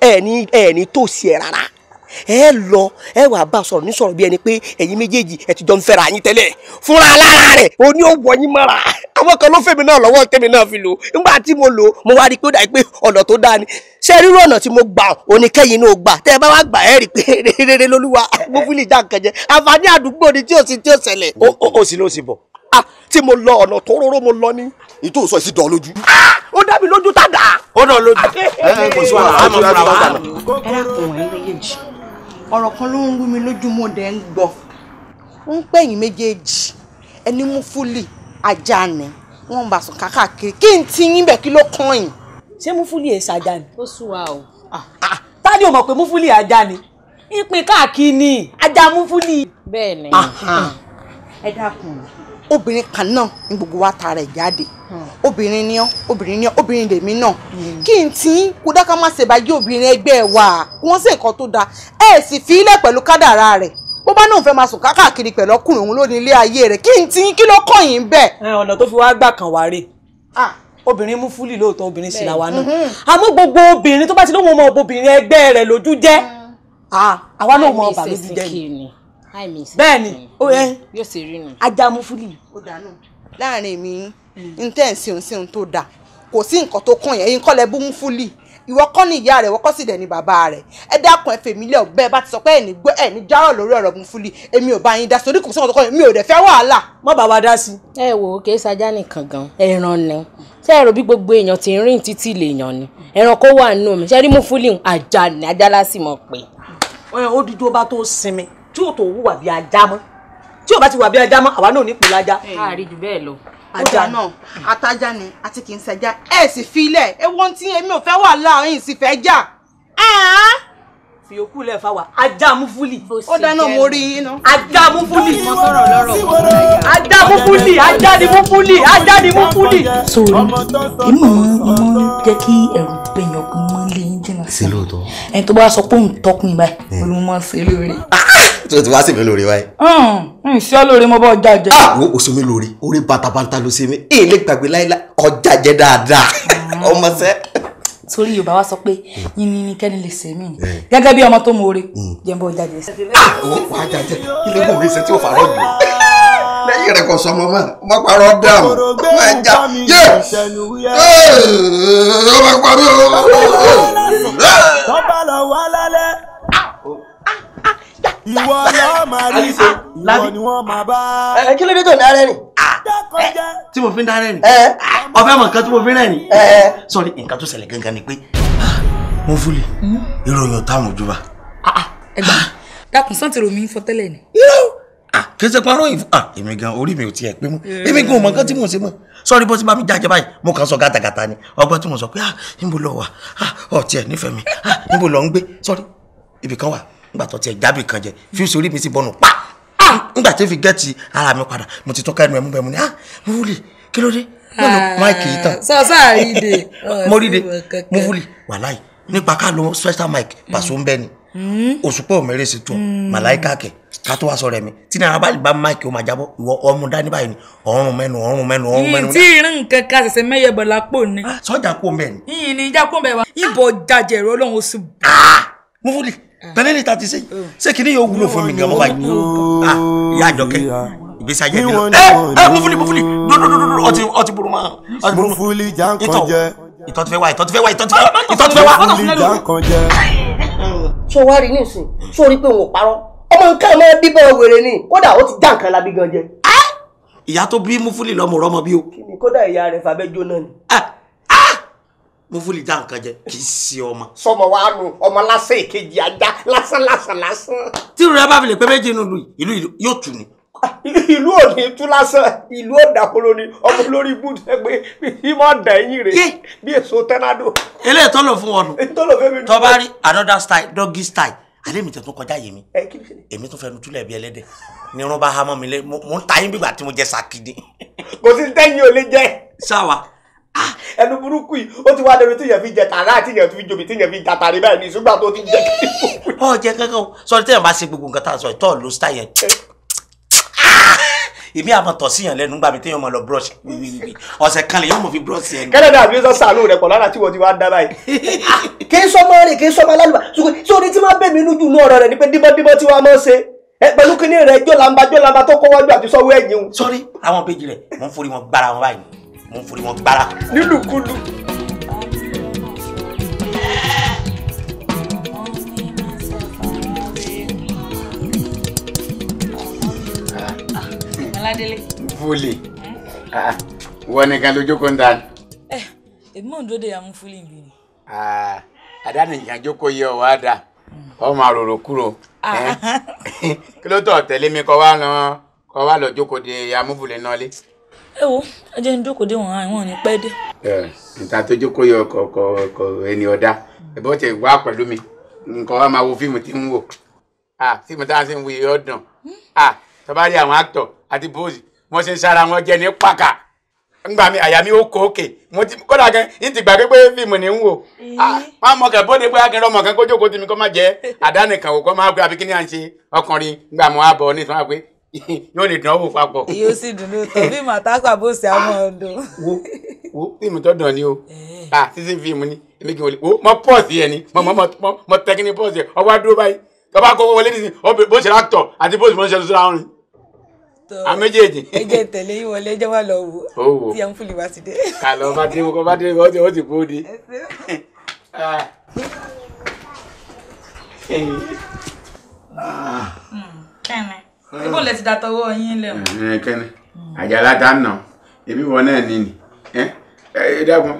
ẹni ẹni tó sì ẹ rárá ẹ lọ ẹ wàá bá sọ̀rọ̀ ní sọ̀rọ̀ bí ẹni pé ẹ̀yin méjèèjì ẹ ti jọ ń fẹ́ra yín tẹ́lẹ̀ fúnra lára rẹ̀ o ní ó wọ yín mọ́ra àwọn kan ló fèmí náà lọ́wọ́ tèmi náà fi lò nígbà tí mo lò mo wá rí i pé ó dà pé ọ̀nà tó dáa ni ṣé rírú ọ̀nà tí mo gbà oníkẹ́yìn náà gbà tẹ́ ẹ bá wá gbà ẹ́ rí i pé [LAUGHS] rere lolúwa gbófìlì já nǹkan jẹ àǹfààní àdúgbò ni tí ò sí tí ò ṣẹlẹ̀. ó sì ló sì bọ̀. tí mo lọ ọ̀nà tó róró mo lọ ní. ìtò sọ èsì dán lójú. ó dá mi lójú tá dà. ó dán lójú. [LAUGHS] ẹ kò sí wàhálà á máa fura wàhálà. ẹ dákun ẹ méjèèjì ọ̀rọ̀ kan ló ń rú mi lójú mo dẹ̀ ń gbọ́ ó ń pẹ̀yìn méjèèjì ẹni mú fúlì ajá ni wọ́n ń bá sùn káàkiri kí n ti yín bẹ̀ kí ló kàn yín. ṣé múfúlì ẹ̀ ṣàjà ni. ó sùn wa o. Ah, ah, tádé ò mọ̀ pé múfúlì ajá ni ìpín káàkiri ni ajá múfúlì. bẹ́ẹ̀ ni. Ah, ẹ dákun obìnrin kan náà ní gbogbo wa tara ẹ̀ jáde hmm. obìnrin ni ọ obìnrin ni ọ obìnrin lèmi náà hmm. kí n tí kó dáká má ṣe bá yí obìnrin ẹgbẹ́ wa wọ́n ṣe nǹkan tó dáa ẹ̀ sì fi ilẹ̀ pẹ̀lú kádàrá rẹ̀ bó bá náà fẹ́ máa sùn káàkiri pẹ̀lú ọkùnrin òun lónìí ilé ayé rẹ̀ kí n ti kí ló kọ́ yín bẹ́ẹ̀. ẹ ọ̀nà tó fi wá gbà kan wá rè obìnrin mú fúlì lóòótọ́ obìnrin sì làwa náà mm-hmm. àmọ́ gbogbo obìnrin tó bá ti lóun ọmọ obìnrin ẹgbẹ́ rẹ̀ lójú jẹ́ mm. àwa náà mọ ọba lójú jẹ́ ni bẹ́ẹ̀ ni ó yẹ ajá mú fúlì. láàrin mi n tẹ́ ẹ̀ sí ohun sí ohun tó dáa kò sí nǹkan tó kàn yẹn yín kọ́ lẹ bú mú fúlì ìwọ kọ́ ni ìyá rẹ̀ ìwọ kọ́ sì dẹ̀ ni bàbá rẹ̀ ẹ dákun ẹ fèmí lẹ́ ọ̀bẹ́ bá ti sọ pé ẹ̀ní gbé ẹ̀ní járọ̀ lórí ọ̀rọ̀ Mufuli èmi ò bá yín dá sí orí kùsùn mi ò dẹ̀ fẹ́ wàhálà. má bàa wa dá sí. ẹ wò ó kì í sajá nìkan gan ẹran ni ṣé ẹ rò bí gbogbo èèyàn ti rìn títí lèèyàn ni ẹran kó wà nù mí ṣe rí Mufuli ajá ni ajá lásì mọ̀ pé. ó dídú ó bá tó sinmi tí ò tó wù wà bí ajá mọ́ tí ò bá ti wà bí ajá mọ́ àwa náà ò ní pè ajá náà atájá ni àti kì í ṣẹjá ẹ sì fi ilẹ̀ ewu tí èmi ò fẹ́ wà láàrin sì fẹ́ jà ah! fi òkú lẹ̀ fáwa ajá múfúlì. ó dáná mo rí iná. ajá múfúlì. mo sọ̀rọ̀ lọ́rọ̀. ajá múfúlì ajá ni múfúlì ajá ni múfúlì. sori èmi mọ mọ jẹ kí ẹrù bẹyàn kún mọ lẹ́yìn jìnnà sí i. ẹni tó bá sọ pé òun tọkùn ìbá ẹ olùmọ sí lórí tó ti wá sí mi lórí wáyé. n ṣe ọ mo bọ ọjà jẹ. Ah, wo oṣù mi lórí orí bàtàbàtà ló ṣe mí èlé gbàgbé láìla ọjà jẹ dáadáa hmm. [LAUGHS] ọmọ torí yorùbá wa sọ pé yìnyín ni kẹ́ni lè sẹ́mi hmm. gẹ́gẹ́ bí ọmọ tó mọ orí hmm. jẹ́ bọ́ ọjà jẹ. ah wo ọjà jẹ ilé ìwé ìṣe tí o fà rọ́ọ̀dù lẹ́yìn rẹ̀ kò sọ ọmọ mọ́ ọmọ parọ́ dàm ọmọ ẹja yé ọmọ parọ́ ọmọ. tọ́ba ìwọ lọ́ọ́ máa rí ìwọ ni wọ́n máa bá. ẹ kí ló dé tó ní arẹ́rìn. Ah, tí mo fi ń darẹ́ ni ah, ọ̀fẹ́ mọ̀ nǹkan tí mo fi ń rẹ̀ ni sọ́ọ́ni nǹkan tó ṣẹlẹ̀ gangan ni pé ah, mo fúli hmm? ìròyìn táwọn ojú bá. ẹgbà dákun sọ́ọ̀tì romi ń fọ tẹ́lẹ̀ ni. kẹsẹ̀ parọ́ yìí èmi gan orí mi ò tiẹ̀ pé mọ́ eh. èmi gan ò mọ nǹkan tí mò ń ṣe mọ́ sọ́ọ́ni bó ti bá mi jáde báyìí mo kàn sọ gàtàgàtà ni ọgbọ́n tí mo sọ pé ah níbo lọ wà ah ọ̀ tiẹ̀ nífẹ̀ẹ́ mi ah níbo lọ ń gbé sọ́ọ́ni ibì wà nígbà tó tiẹ̀ jábì kan jẹ fi sórí mi sí bọ́ọ̀nù pa ah! nígbà tó fi gẹ́ẹ̀tì ara mi padà mo ti tún ká ẹnu ẹ̀ mú bẹ́ẹ̀ mo ní ah mo wúlì kí ló dé mo lò ah, máìkì yìí tán sọ́sọ́ [LAUGHS] àríde mo ríde mo wúlì wàláì nípa ká lo special mic mm. pàṣọ ń bẹ́ ni òṣùpọ̀ mm. òmèrè sí tún mm. màláìkà kẹ̀ ká tó wá sọ rẹ̀ mi tí náírà bá lè bá máìkì ó máa jábọ́ ìwọ ọmú dání báyìí ni ọ̀run mẹ́nu ọ̀run mẹ́nu ọ̀run mẹ́nu. tí ìrìn nǹkan kan ṣẹ̀ṣẹ̀ mẹ́yẹ bọ̀ lápò ni. Ah, sọ́jà kó mẹ́rin. yìnyín ni ìjà kó mẹ́wàá. ibò jàjẹ̀rọ ọlọ́run oṣù. mo wúlì pẹ̀lẹ́ ah. ní tàtí sí oh. ṣé kìíní yóò wúlò fún mi gan-an báyìí oh. ah ìyá àjọkẹ́ ìgbésí ayé mi lọ ẹ ẹ mufuli mufuli dodododo ọtí ọtí burú máa ọtí burú mufuli jankan jẹ ìtọ́ ti fẹ́ wá ìtọ́ ti fẹ́ wá ìtọ́ ti fẹ́ wá ìtọ́ ti fẹ́ wá. mufuli jankan jẹ. ṣé wàá rí ní ìsìn ṣé o rí pé òun ò parọ́ ọmọ nǹkan mọ́ bíbọ̀ wèrè ni kódà ó ti dá nǹkan labi gan jẹ. Ah! ìyá tó bí mufuli lọmọ rọmọ bí o. kódà ìyá rẹ̀ fàbẹ́ jóná ni. Ah! múfúlì tá nǹkan jẹ kì í ṣe ọmọ. sọmọ wa nu ọmọ lásán èkejì ajá lásán lásán lásán. tí ìrora bá fi lè pé méjì nínú ìlú yóò tù ní. ìlú ò ní tú lásán ìlú ò dàkóró ni ọmọ lórí ibùdó ẹgbẹ bí mo dà ẹ̀yìn rẹ̀ bí èso tẹnado. eléyìí tó lò fún ọnu tó bá rí another style doggy style alẹ́ mi tẹ̀ tó kọjá yèmí èmi tún fẹnu túlẹ̀ bí ẹlẹ́dẹ̀ ni irun bá há mọ́ mi lé mo ń ta yín bí ìgbà tí mo jẹ sàkídì. kò sí tẹ́yìn ò Ah, ẹnu burúkú yìí ó ti wá lórí tí yẹn fi jẹ tààrà àti yẹn fi jobi tí yẹn fi jata rí báyìí ní ìṣúgbà tó ti jẹ kí ni kò pé. ọ jẹ kankan sọrí tẹyàn bá ṣe gbogbo nǹkan tá a sọ ẹ tọ ló style yẹn eh. èmi àmọ tọ sí lẹnu gbàmí téèyàn mọ lọ brush wíwíwí ọsẹ kan lè yóò mọ fi brush yẹn. kẹ́lẹ́dà àbí sọ sàánú rẹ̀ pọ̀ lára tí wọ́n ti wá dá báyìí. Ah, kì í sọmọ rẹ̀ kì í sọmọ alálùbá ṣùgbọ́n tí tí máa bẹ̀ inú jù ọ̀rọ̀ rẹ̀ ni pé díbọ́díbọ́ tí wọ́n máa ń ṣe pẹ̀lú kíní rẹ̀ jọ̀làmbá jọ̀làmbá tó kọ́ wájú àti sọ́wọ́ ẹ̀yìn. sọ́rí àwọn péjì rẹ̀ mò ń forí wọn gbára wọn báyìí mo ń forí wọn gbára nílùkulù. Ọládélé. Fúlì. Ah, Wọ́n nìkan ló jókòó ń dán. Ẹ eh, èmi náà dúró de àwọn fúlì ìlú ni. Ah, Àdáni ìyàn jókòó yẹ ọ̀wá dà. Ọ máa rorò kúrò. Ah. Eh, [LAUGHS] kí ló tọ̀ tẹ̀lé mi kọ́ wá lọ jókòó de amúfùlẹ̀ náà lé? Ewo, wo ẹ jẹ́ ń jókòó dé wọn àìwọ̀n ní pẹ́ dé. níta tó jókòó yọ ọkọ̀ ọkọ̀ ẹni ọ̀dà ẹ̀bọ́n tẹ̀ wá pẹ̀lú mi nǹkan wa wo fíìmù tí ń wò fíìmù tá a ṣe ń wo ìyọ́ dàn tọ́ba rí àwọn actor àti bóòsì wọ́n ṣe ń sára wọn jẹ ní pàkà ngba mi àyà mi ó kó òkè mo ti kódà n fíìmù ni ń wò mọ yóò lè dánwò papọ̀. yóò sì dùn ló tọ́ bí màtákà bó ṣe àwọn ọdún. wo wo fíìmù tó dàn ni o eh. ah sísìn fíìmù ni èmi kì í wọlé wo mọ pọ́ọ̀sì yẹn ni mọ mọ mọ tẹkínní pọ́ọ̀sì yẹn ọba dúró báyìí tọba kọ́kọ́ wọlé nísìnyí ọbẹ bó ṣe láktọ̀ àti bó ṣe mọ ṣe lọ sọ́ra ọ̀rìn. a méjèèjì. ẹ jẹ́ tẹ̀lé yín wọlé ẹjọ́ wa lọ wò tí ẹ ń fúli wá sí dé. kàlọ́ bá dé kọ́ bá dé kọ́ ó ti bóde. Ah. Hmm, kẹ́mi ibo lẹ ti dàtọwọ yín lẹwọn. ẹ kẹ́ni àjàlá ta nà ẹbí wọn náà ní ni ẹ dákun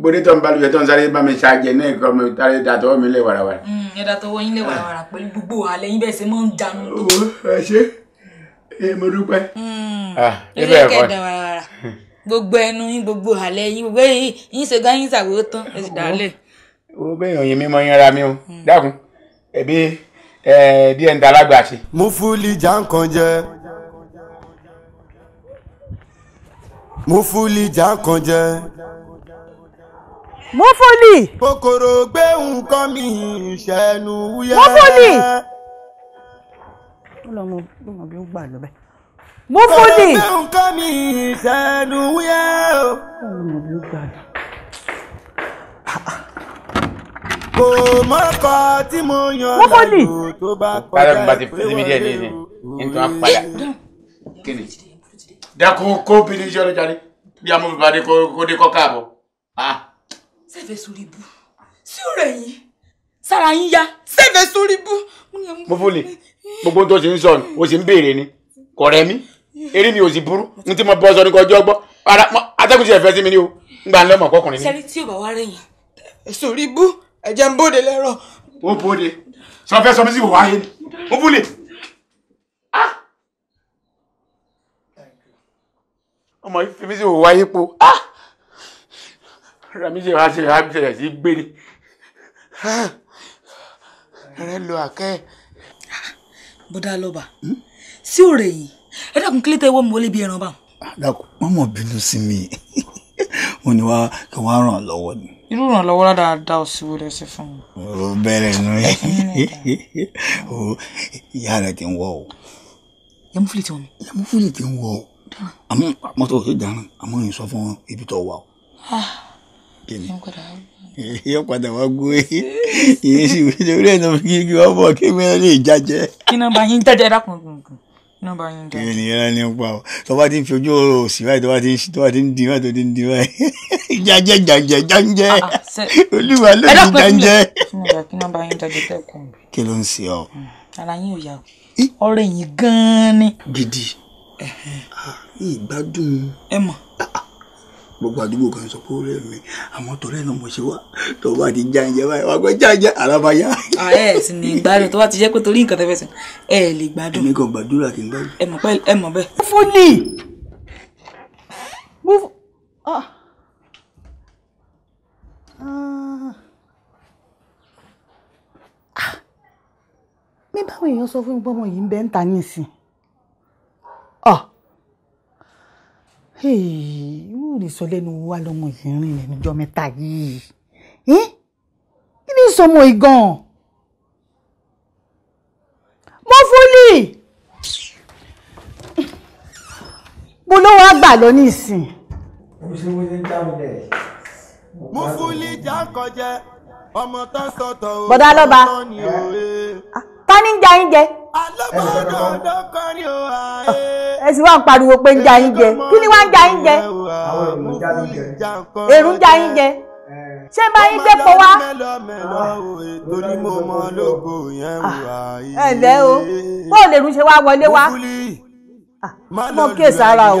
gbọdẹ tó ń bá lùfẹ tó ń sáré bá mi ṣàjẹ náà kọ mi tàrí dàtọwọ mi lẹ warawara. Hmm, ẹ dàtọwọ yín lẹ warawara pẹ̀lú gbogbo àlẹ yín bẹ́ẹ̀ ṣe máa ń dànù. owó ẹ ṣe é mo dúpẹ́. Hmm, ah, ẹ bẹ́ẹ̀ kọ́ gbogbo ẹnu yín gbogbo àlẹ yín gbogbo yín yín ṣe gáyín ṣàwòrán tán ẹ sì dálẹ. owó bẹ́ẹ̀ yàn yín mímọ́ yín ra mi o hmm. dákun ẹ̀bí bí ẹni dalágbà ṣe. Mufuli Jankanjẹ Mufuli Jankanjẹ. Mufuli. kòkòrò gbé nǹkan mi ìṣẹ́nu yẹ. Mufuli. ó lọ mọ bí wọn bí ó gbà lọ bẹ́ẹ̀. Mufuli. kòkòrò gbé nǹkan mi ìṣẹ́nu yẹ. ó lọ mọ bí ó gbà lọ. kò mọ́kọ tí mo yan lálù tó bá kọjá ìpéwọlé o. kíni dákun kó bìnrin iṣẹ́ ọlọ́jà ni bí a mú mi pàdé kó dé kọ́ káàbọ̀. sẹ́fẹ̀ sórí ibú sí ọ̀rọ̀ ẹ̀yìn sára yín ya sẹ́fẹ̀ sórí ibú. mo fún lè gbogbo tó ṣe ń sọ ni o ṣe ń béèrè ni kò rẹ mí eré mi ò sì burú n tí mo bọ́ sọ ní kọjọ́ gbọ́ atẹ́kùn ẹ̀fẹ́ sí mi ni o ń gbà ń lọ́mọ̀ kọkùnrin ni. sẹ́ni tí ò bá wá rẹ̀yìn sórí ibú ẹ̀jẹ̀ ń bòde lẹ́rọ̀. ó bòde sọ fẹ́ sọ mí sí ìwà ayé ni ó búlè. ọmọ yìí fi mí sí ìwà ayé po ah! ara mi ṣe wá ṣe wá bẹ̀rẹ̀ sí gbé ni. rẹ lo àkẹ́. bùdá lọ́ba sí òrè yìí ẹ dákun kílẹ̀ tẹ́ wọ́n mú wọlé bí ẹran bá. Ah, dákun mọ́mọ́ bínú sí mi wọ́n [LAUGHS] ní wá kí wọ́n ràn án lọ́wọ́ ni irú ìrànlọ́wọ́ ládàáda òsì wo lẹ ṣe fún un. o bẹ̀rẹ̀ nù ẹ o ìyá rẹ ti ń wọ o. yẹmúfìlì ti wọ mi. ti ń wọ o àmọ́ mọ́tò ò ti dáná àmọ́ yìí sọ fún wọn ibi tó wà o. Ah. kíni yọ padà wá gbó e yìí sì wíjọ orí ẹ̀ náà kí wọ́n bọ̀ kí wọ́n lè jájẹ́. kí náà bá yín jájẹ́ dákun ènìyàn ni pa ọ tó bá ti ń fi ojú oorun òsì báyìí tó bá ti ń tó bá ti ń di báyìí tó ti ń di báyìí jàǹjẹ jàǹjẹ jàǹjẹ olúwa ló ní jàǹjẹ. kí ló ń ṣe ọ. Hmm, ara yín ò yà ọ ọ̀rẹ́ yín gan-an ni. gidi ah, ìgbádùn. ẹ mọ̀ gbogbo àdúgbò kan sọ pé ó rẹ̀ mí àmọ́ torí ẹ̀ náà mo ṣe wá tó bá ti já ìjẹ báyìí wá pé já ìjẹ alábàáyá. ẹ ẹ sì ní ìgbádùn tó bá ti jẹ́ pé torí nǹkan tẹ́fẹ̀sẹ̀ ẹ lè gbádùn. èmi kan gbàdúrà kí n gbádùn. ẹ mọ̀ pẹ́ ẹ mọ̀ bẹ́ẹ̀. mo fún ni mo fún. Ah. Ah. mi báwọn èèyàn sọ fún mi pé ọmọ yìí ń bẹ́ ń ta nísìn. Ah irú ìrìnsọ lẹ́nu wa lọmọ yìí rìn lẹ́nu ọjọ́ mẹ́ta yìí eh? kí ni sọmọ ìgàn mọ́fúlì mo ló wá gbà lọ ní ìsìn. mọ́fúlì já kọjá ọmọ tó sọ̀tọ̀ òun ló ní òye. ta ni ń jẹ yín jẹ alábọ̀dọ̀dọ̀ kan ni ó wà é. ẹ sì wá ń pariwo pé ń ja yín jẹ kí ni wá ń ja yín jẹ èrú ń ja yín jẹ ṣé bá yín gbé pọ̀ wá. torí mo mọ lógo yẹn wà yìí. ẹ ǹlẹ́ o bó o lè rún ṣe wá wọlé wá ah, mọ kí èsì ara o. ẹ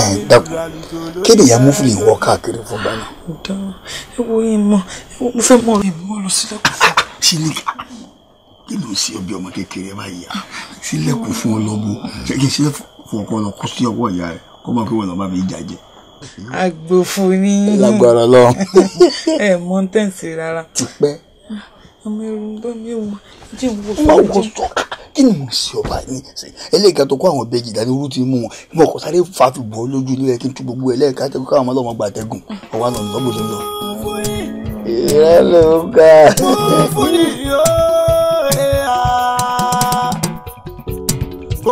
ẹ dàpọ̀ kí ìyá mufili wọ káàkiri fún báyìí. ẹ wo ìmọ̀ mo mo lọ sí lọ́kùnrin. ṣe ni kí ló ń ọbẹ̀ ọmọ kékeré báyìí à ah, sílẹ̀kùn fún ọ lọ́gbó ṣe fún ọkọ lọ kó sí ọwọ́ ìyá rẹ kó mọ̀ pé wọn lọ́ọ́ bá mi jà jẹ. agbófo ní. lágbára lọ. [LAUGHS] ẹ mọ tẹ̀sí rárá. ti ọmọ ẹrù ń bọ́ mi wò jí wò fún mi. kí ni mo ṣe ọba ní ẹlẹ́ẹ̀ka tó kó àwọn bẹ́ẹ̀jì dání orú ti mú wọn mo kò sáré fàáfi bọ́ lójú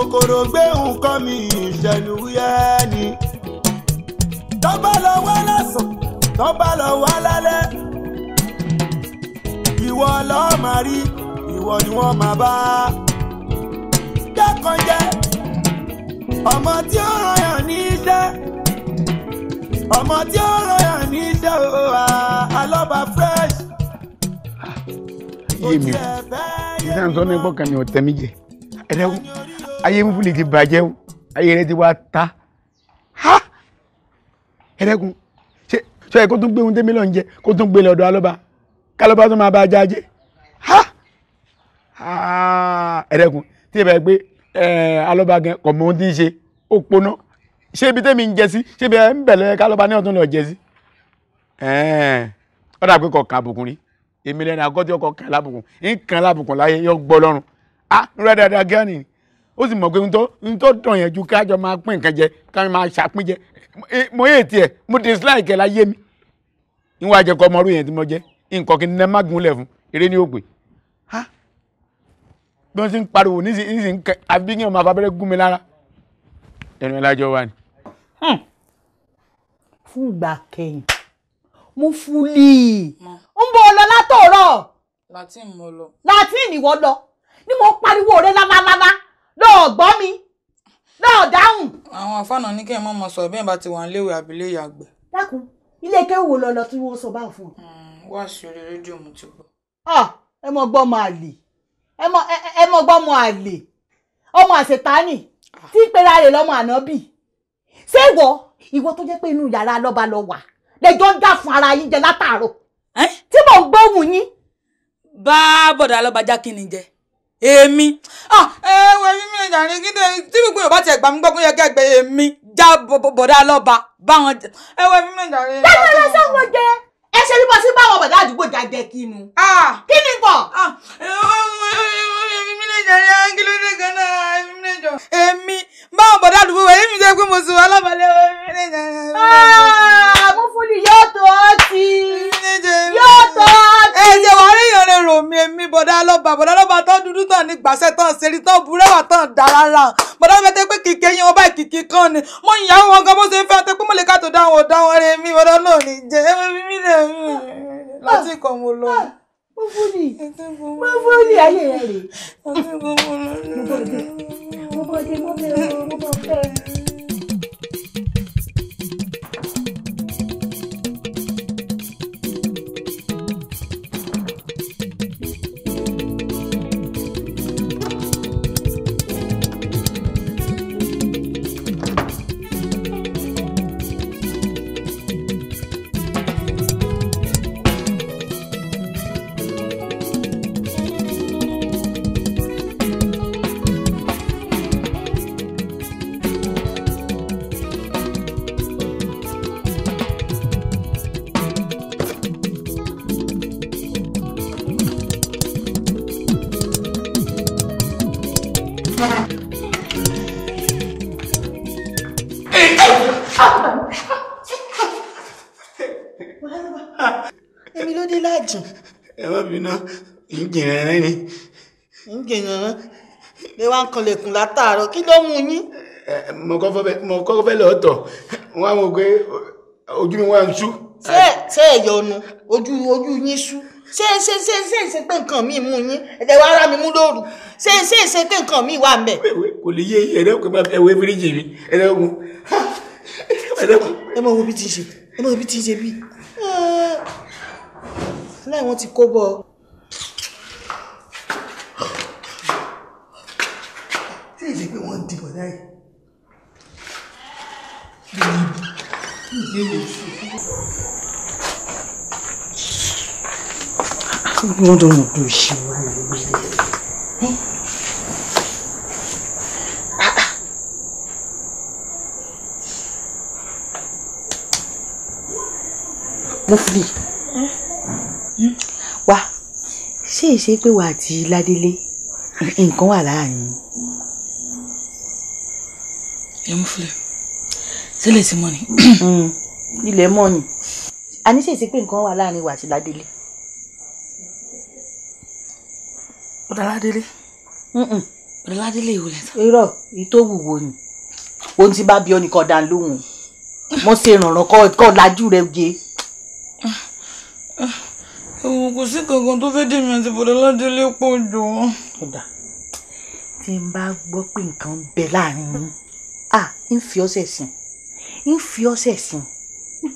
kòkòrò gbé nǹkan mi ìṣẹ̀lúwẹ́ ni. tọ́ba lọ wá lọ́sàn tọ́ba lọ wá lálẹ́. ìwọ lọ́ọ́ máa rí ìwọ ni wọ́n máa bá. dákan jẹ́ ọmọ tí ó ràn ní iṣẹ́ ọmọ tí ó ràn ní iṣẹ́ alọ́ba fresh. yé mi o ìdáǹsọ́ ní gbọ́kànlẹ̀ ọ̀tẹ̀ mi jẹ ẹ̀rẹ́wọ̀n ayé búbúlì ti bàjẹ́ o ayé rẹ ti wá ta ha ẹ̀rẹ́gun ṣe ṣe kó tún gbé ohun tẹ́mi lọ́n jẹ kó tún gbé lọ́dọ̀ alọ́ba kálọ́ba tún máa bá a jáde ha ẹ̀rẹ́gun tí ìbá gbé alọ́ba gan kọ̀ mọ ohun tí ń ṣe ó poná ṣé ibi tẹ́mi ń jẹ sí ṣé ibi ẹ̀ ń bẹ̀lẹ̀ kálọ́ba ní ọ̀tún lọ́ọ́ jẹ sí ọ̀dà pé kọ̀ọ̀kan àbùkù rí èmi lẹ́nu àgọ́tí ọkọ̀ kan lábùkù ń kan lábùkù láyé yọ gbọ́ lọ́rùn ah ń rẹ́ dáadáa gẹ́ni ó sì mọ̀ pé n tó dàn yẹn ju kájọ máa pín nǹkan jẹ kájọ máa ṣàpín jẹ mo yé tiẹ̀ mo dislike ẹ̀ láyé mi níwọ̀n àjẹkọ́ ọmọ ọdún yẹn tí mo jẹ́ nǹkan kí n nẹ́ má fún eré ní òpè ha bí wọ́n ti ń pariwo nísìnyí ń kẹ́ àbí máa fabẹ́rẹ́ gún wa ni. Hmm. fún ìgbà kẹyìn mo ń lọ latin mo lọ. latin ìwọ ni mo pariwo rẹ lọ́ọ̀ gbọ́ mi lọ́ọ̀ dáhùn. àwọn afáànà ní kí ẹ mọ ọmọ sọ bí ẹ bá ti wà níléèwé abilé yàgbẹ. dákun ilé kẹ́wò lọ lọ tí wọ́n sọ báà fún ọ. Hmm, wá sí orí rédíò mo ti gbọ́. Ah, ẹ mọ gbọ́ ọmọ àlè ẹ mọ gbọ́ ọmọ àlè ọmọ àṣetánì ah. tí ń pera rẹ̀ lọ́mọ ànábì ṣé ìwọ ìwọ tó jẹ́ pé inú yàrá lọ́ba lọ wà lẹ́jọ́ ń dà fún ara yín jẹ látàárọ̀ tí mò ń gbóhùn yín. bá bọ̀dà lọ́ba jákínni jẹ́ èmi ẹwẹ mímí ìdàrí kí tí gbogbo yorùbá tiẹ̀ gbà mí gbọ́ pé yẹ kẹ́gbẹ́ èmi já bọ̀dá lọ́ba báwọn mi mímí ni. lẹ́yìn lọ sọ́wọ́ jẹ ẹ ṣe bí mo ti báwọn bọ̀dá àdúgbò jàjẹ kí nu. Ah. kí ni ah, nǹkan. èmi ìdàrí akílódé kan náà mi ìjọ. èmi báwọn bọ̀dá àdúgbò wẹ̀ èmi jẹ́ pé mo sùn alábàálẹ̀ èmi mi ah, mú fúli yóò tó ọtí yóò tó ọtí ẹ̀jẹ̀ wàá rí èèyàn rẹ̀ rò mí èmi bọ̀dá lọ́ba bọ̀dá lọ́ba tán dúdú tán ní gbàṣẹ tán ṣeré tán burẹ́wà tán dára rà bọ̀dá mẹ́tẹ́ pé kìkì eyín ọba ìkìkì kan ni mo ń yàwó wọn gan bó ṣe fẹ́ pé mo lè ká tó dáhùn ọ̀dáhùn rẹ̀ mi bọ̀dá náà ní jẹ́ mi lè láti kàn mo lọ. mọ́fúnì mọ́fúnì ayé rẹ̀ rè é. mọ́fúnì mọ́fúnì mọ́fúnì mọ́fúnì ná ń jìnnà rẹ ni. ń jìnnà rẹ lè wá ń kanlẹ̀kùn látàárọ̀ kí ló mú yín. mo kọ́kọ́ fẹ́ lọ tọ̀ wọ́n á mọ̀ pé ojú mi wá ń sú. ṣé ẹ̀yọ̀ ọ̀nà ojú ojú yín sú ṣé ṣé ṣé ṣé ṣe pé nǹkan mi mú yín ẹ̀jẹ̀ wa ara mi mú lóru ṣé ṣé ṣe pé nǹkan mi wà ń bẹ̀. kò lè yé ẹ̀rẹ́ òkè máa ẹ̀wẹ́ fíríjì mi ẹ̀rẹ́ òkun. ẹ mọ wo bí ti ṣe ẹ mọ wo bí ti ṣe bí. aláìwọ̀n ti kó bọ́ ọ. wọ́n tó ń do ìṣirò rẹ̀ mo fi wá ṣé ìṣe pé wà àti ládélé nǹkan wà láàrin. ẹ mú filẹ̀ sílẹ̀ sí mọ́ ni. Mm. ilẹ̀ mọ́ ni àní sì sí pé nǹkan wà láàrin wa àti ládélé. ọ̀dà ládélé. ọ̀dà ládélé ìwò lẹ́sà. irọ́ ìtò wùwò ni ohun tí bá bí ọ nìkan dá lóhùn mo ṣe ìrànràn kọ́ lajú rẹ ge. ẹ̀wọ̀n kò sí kankan tó fẹ́ẹ́ dèmi àti bọ̀dà ládélé pọ̀ jù wọ́n. tí n bá gbọ́ pé nǹkan bẹ láàrin yín à ń fi ọ́ sẹ̀ sìn ń fi ọ̀sẹ̀ sí ń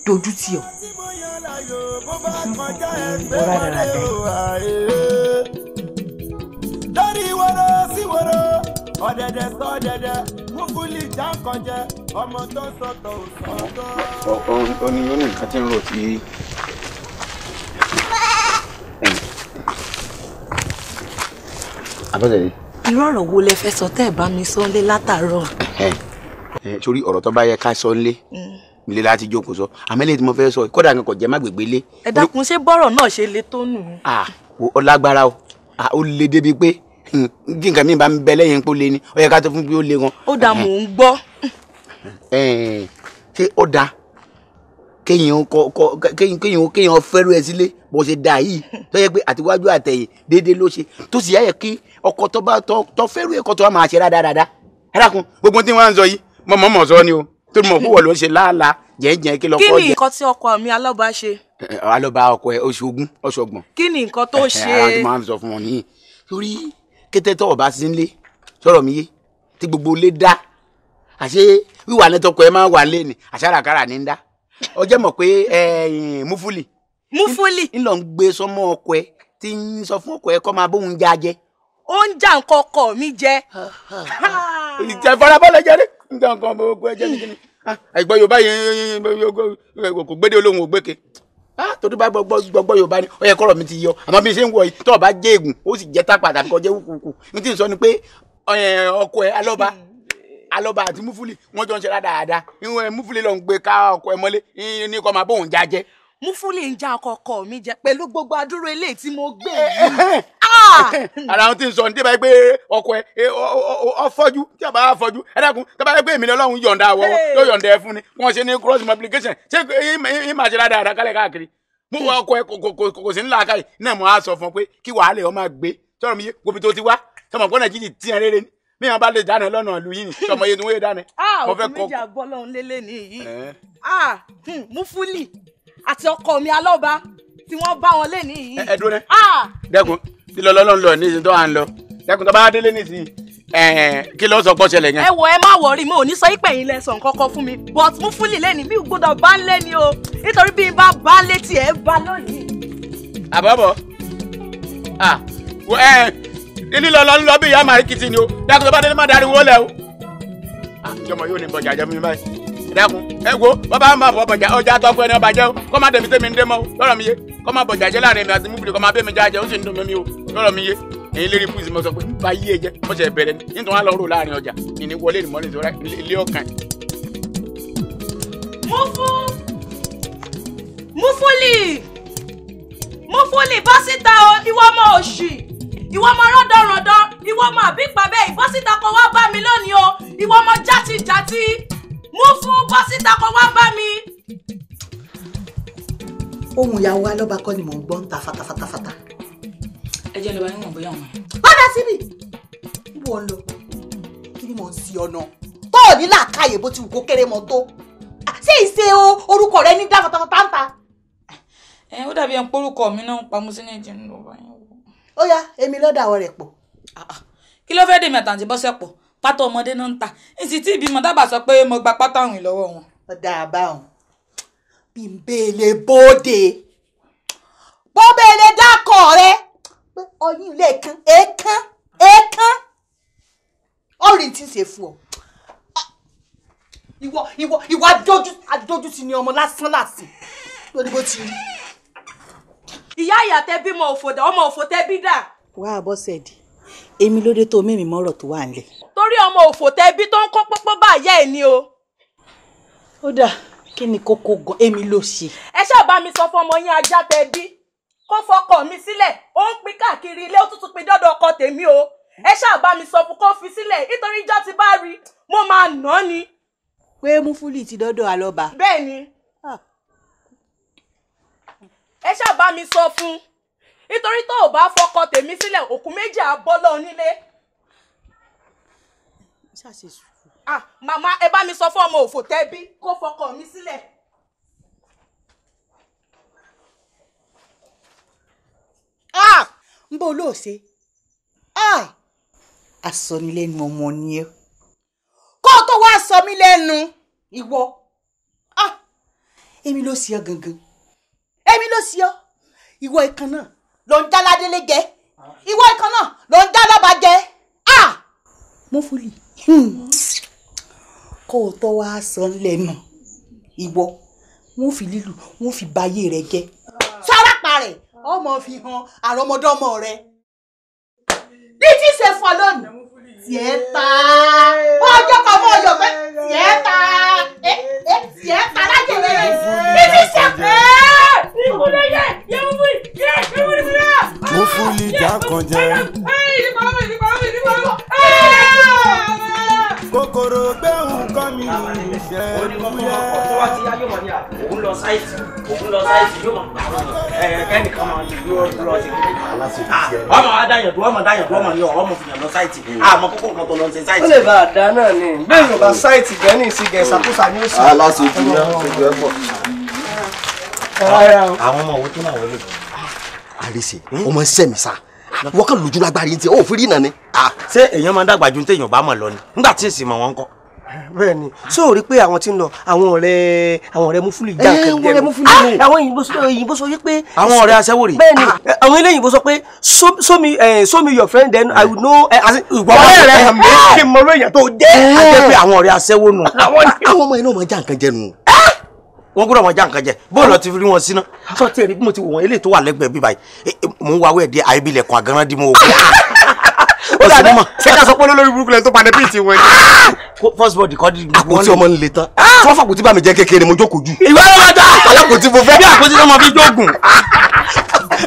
dojú tì ọ́. ọ̀rá dára dá ẹ̀. lórí ìwòrò sí ìwòrò ọ̀dẹ̀dẹ̀ sọ ọ̀dẹ̀dẹ̀ múfúlì jáǹkànjẹ ọmọ tó sọ̀tọ̀ òsọ̀tọ̀. ó ní ó ní nǹkan tí ń rò tí. abọ́dẹ̀ ni. irú ọ̀rọ̀ wo lẹ fẹ́ sọ tẹ́ ẹ̀ bá mi sọ́lé látàárọ̀. Eh, sórí ọ̀rọ̀ tó bá yẹ ká sọ nílé mm. nílé láti jókòó sọ àmẹ́lẹ́ tí mo fẹ́ sọ kódà nǹkan kò jẹ́ má gbègbè lé. ẹ dákun ṣé bọ́rọ̀ náà ṣe le tó nù. ó lágbára o ó le débi pé hmm, kí nǹkan mi bá ń bẹ lẹ́yìn pé ó le ni ó yẹ ká tó fún pé ó le gan. ó dà mò ń gbọ́. ṣé ó da kéèyàn kéèyàn kéèyàn fẹ́rù ẹ sílé bó ṣe dà yìí tó yẹ pé àtiwájú àtẹ̀yìn déédéé ló ṣe tó sì yá yẹ kí ọkọ tó bá tó fẹ́rù ẹ kọ́ tó wá máa ṣe rádaràda ẹ dákun gbogbo tí wọ́n á ń sọ yìí mo mọ̀ mọ̀ sọ ni o tó mọ̀ kúwọ̀ ló ń ṣe láàlá jẹ́jẹ́ kí lọ́kọ́ jẹ́. kí ni nǹkan tí ọkọ mi alọ́ba ṣe. Eh, eh, alọ́ba ọkọ ẹ oṣù ogún oṣù ọgbọ̀n. kí ni nǹkan tó eh, ṣe. ẹ ẹ máa ń sọ fún wọn nìyí torí kété tọ́ ọba sí nílé sọ̀rọ̀ mi yé tí gbogbo lé dá àṣé wíwà ní tọkọ ẹ máa wà lé ni àṣàràkàrà ní ń dá ọjọ́ mọ̀ pé múfúlì. múfúlì. ńlọ ń gbé sọmọ ọkọ ẹ tí ń sọ fún ọkọ ẹ kọ́ máa bóun jẹ ó ń já nǹkan ọkọ mi jẹ. Ah, ah. ìjẹ́ ìfarabọ́lẹ̀ jẹ́rìí nǹkan kan gbogbo ẹjẹ ní kíni ah, àìgbọ́ yorùbá yẹn kò gbédè olóhùn ògbéke ah, torí bá gbọ́gbọ́ yorùbá ni ó kọ́rọ̀ mi ti yọ àmọ́ bí ṣe ń wọ yìí tó o jẹ́ ègùn ó sì jẹ́ tápàdà kọjá wùkùkù ní tí n sọ ni pé ọkọ ẹ alọ́ba alọba àti mufuli wọn jọ ń ṣe dáadáa ìwọ mufuli ló ń gbé ká ọkọ ẹ mọ́lé ní kọ máa bóun já jẹ. mufuli ń já ọkọ ọkọ mi jẹ pẹ̀lú gbogbo adúrò eléyìí tí mo gbé yìí eh, eh, eh. [LAUGHS] ara àwọn tí ń sọ ní débà pé ọkọ ẹ ọfọjú tí a bá fọjú ẹ dákun tí a bá yẹ pé èmi ni Ọlọ́run yọ̀ǹda àwọ̀ yóò yọ̀ǹda ẹ fún ni wọ́n ṣe ní cross multiplication ṣé ẹ máa ṣe dáadáa àdákálẹ̀ káàkiri mú ọkọ ẹ kò sí ńlá káyì náà mo á sọ fún ọ pé kí wàhálẹ̀ ọ máa gbé sọ̀rọ̀ mi gobi tó ti wá sọmọ gbọ́dọ̀ jíjì tí ẹ rere ni mi wọn bá lè dáná lọ́nà ìlú yìí sọmọ yẹn tó wọ́n yẹ dáná. a ò fi méjì àbọ̀ lọ́hún lélẹ̀ ní èyí a ah, hmm, Mufuli àti ọkọ mi alọ́ba tí wọ́n bá wọn lé ní èyí. ẹ dúró dẹ ah. dẹkun tí lọ́lọ́lọ́ ń lọ ní ìsìn tó à ń lọ lẹ́kùn tó bá délé ní ìsìn kí ló sọ pọ́ṣẹlẹ̀ yẹn. ẹ wo ẹ má wọrí mo ò ní sọ ìpè yín lẹsàn kọkọ fún mi but mo fúnlì lẹ́ni mi gbọ́dọ̀ bá ń lẹ́ni o nítorí bí n bá bá létí ẹ bá lónìí. àbọ̀bọ̀ lílọ lọ lọ bí ìyá màá kìtì ni o dákun tó bá délé má darí wó lẹ o. jọmọ yóò ní bọjà jẹ mi báyìí dákun ẹ wo bàbá máa fọ bọjà ọjà tó fún ẹni ọbàjẹ o kọ́ má dẹ̀mí tẹ́mi ń dé mọ́ mi yé kọ́ máa bọ̀jà jẹ́ láàrin mi àti múbìrì kọ́ máa bẹ́ẹ̀ mi jájẹ́ ó sì ń dùn mí o lọ́rọ̀ mi yé èyí lérí fúzi mo sọ pé bá yé jẹ mo ṣe bẹ̀rẹ̀ ní nítorí wọn lọ rò láàrin ọjà ìní wọlé ìmọ̀ nìṣó ilé ọ̀kan. mufu mufuli mufuli bọ́ síta o ìwọ ọmọ òṣì ìwọ ọmọ rọ́dọ̀rọ̀dọ̀ ìwọ ọmọ àbípa bẹ́ẹ̀ ìbọ́ síta kan wá bá mi lónìí o ìwọ ọmọ játijàti mufu bọ́ síta kan wá bá mi ohun ìyàwó alọ́ba kọ́ ni mò ń gbọ́ ń ta fatafatafata. ẹ jẹ́ lọ́ba níwọ̀n bóyá ọ̀hún. bọ́dà síbi wò ó lọ kí ni mò ń si ọ̀nà tó ò ní làákàyè bó ti wù kó kéré mọ tó ṣé ìṣe orúkọ rẹ ní dá fatafata ń ta. ẹ ó dàbí ẹ ń porúkọ mi náà ń pamọ́ sínú ìjìn lọ́ba yẹn wò. ó yá èmi lọ́dà ọ̀rẹ́ pọ̀. Ah, ah. kí ló fẹ́ dèmi àtàǹtí bọ́sẹ̀ pọ̀ pátá ọmọdé náà ń ta ìsìtì ìbímọ dábàá sọ pé mo gba pátá àwìn lọ́wọ́ wọn. ọ̀dà àbá bímbélé bóde bóbélé dákọ̀ rẹ pé ọyún ilé kan èèkan èèkan ọ̀rìn tí ń ṣe fún ọ ìwọ ìwọ ìwọ adójú sí ni ọmọ lásán lásì lórí bó ti rí. ìyá ìyá tẹ bímọ òfòdà ọmọ òfòtẹ bí dà. wàá bọ́ sẹ́ẹ̀dì èmi ló dé tó mímì mọ́rọ̀ tó wà nílẹ̀. torí ọmọ òfòtẹ bí tó ń kó pọ́pọ́ bá ìyá ẹ̀ ni o. ó dáa kí ni kókó gan èmi ló ṣe. ẹ ṣáà bá mi sọ fọmọ yín ajá tẹ bí kó fọkọ mi sílẹ̀ ó ń pín káàkiri ilé ó tún tún pín dọ́dọ̀ ọkọ tèmi o ẹ ṣáà bá mi sọ fún kó fi sílẹ̀ nítorí ìjọ ti bá rí mo máa nà ni. pé múfúlì ti dọ́dọ̀ àlọ́ba. bẹ́ẹ̀ ni ah. ẹ ṣáà bá mi sọ fún nítorí tó o bá fọkọ tèmi sílẹ̀ òkú méjì àbọ́lọ́ onílé. ṣàṣìṣù ah mama, ẹ bá mi sọ fún ọmọ òfò tẹ́bí kó fọkọ mi sílẹ̀. ah ń bọ́ olóòṣè ah asọnilẹ́nu ọmọ ni ẹ kó o tó wá sọ mí lẹ́nu ah èmi ló sì gangan èmi ló sì ọ ìwọ ìkan náà ló ń dá ládélé jẹ ah. ìwọ ìkan náà ló ń dá lọ́ba jẹ ah mo fò lè kó o tó wá san lẹ́nu ìwọ wọ́n fi lílù wọ́n fi bayé rẹ jẹ́ sára pa ọmọ fi hàn àrọmọdọ́mọ rẹ̀ ní ṣe fọ lónìí tiẹ̀ ta ọjọ́ kan mọ́ ọjọ́ pé tiẹ̀ ta tiẹ̀ ta lájẹ̀ rẹ̀ ní ṣe fẹ́. mo fún ní kan jẹ kòkòrò gbẹ̀hùn kọ́ mi ah, ah, eh, eh. ìṣẹ́ ìbúyẹ́. tó wá ti yá yóò mọ̀ ní à òun lọ sáìtì òun lọ sáìtì yóò mọ̀ ẹnìkan máa ju lọ sí i. Ah, ọmọ adáyàn tó ọmọ adáyàn tó ọmọ ní ọmọ fìyàn lọ sáìtì àmọ́ mm. kókó nǹkan tó lọ sí sáìtì. ó lè bá a dá náà ni bẹ́ẹ̀ ló bá mm. sáìtì gẹ́ ní ìsìnkẹ́ ìṣàkóso àní òsì. aláṣojú náà ṣojú ẹ̀ pọ̀. àwọn ọmọ òwe tó náà wọlé àrísè ọmọ sẹ́mi sáà [LAUGHS] wọ́n kàn lójú lágbárí ti ó fi rí nàní. ṣé èèyàn máa ń dàgbà ju téèyàn bá mọ̀ lọ ni nígbà tí èsì mọ̀ wọ́n kọ́. bẹ́ẹ̀ ni ṣé o rí pé àwọn tí ń lọ àwọn ọ̀rẹ́ àwọn ọ̀rẹ́ mufuli já kẹ̀kẹ́ àwọn òyìnbó àwọn ọ̀rẹ́ ah. eh, sọ pé show eh, your friend then i will know. Eh, ìwà ọ̀rẹ́ rẹ̀ mi ah. kí n mọ lóyìn tó jẹ́. àjẹpẹ́ àwọn ọ̀rẹ́ aṣẹ́wó nù. àwọn ah, ọmọ yẹn náà máa já nǹkan jẹ nù wọ́n gbọ́dọ̀ mọ já nǹkan jẹ bóòlù ti rí wọn síná sọ tí ẹni bí mo ti wò wọn eléyìí tó wà lẹ́gbẹ̀ẹ́ bí báyìí mò ń wá wẹ́ẹ̀ díẹ̀ àyè bilẹ̀ kan àgànrán dí mo wò ó sì ní mọ̀. ṣé ká sọ pé olórí burúkú lẹni tó padà bíi tiwọn ni. first body kọ́ di. àpótí ọmọ ń le tán ah! tí wọ́n fàpótí bá mi jẹ́ kékeré mo jókòó ju. ìwé ló máa dá mo fẹ́. bí àpótí ọmọ fi jógùn.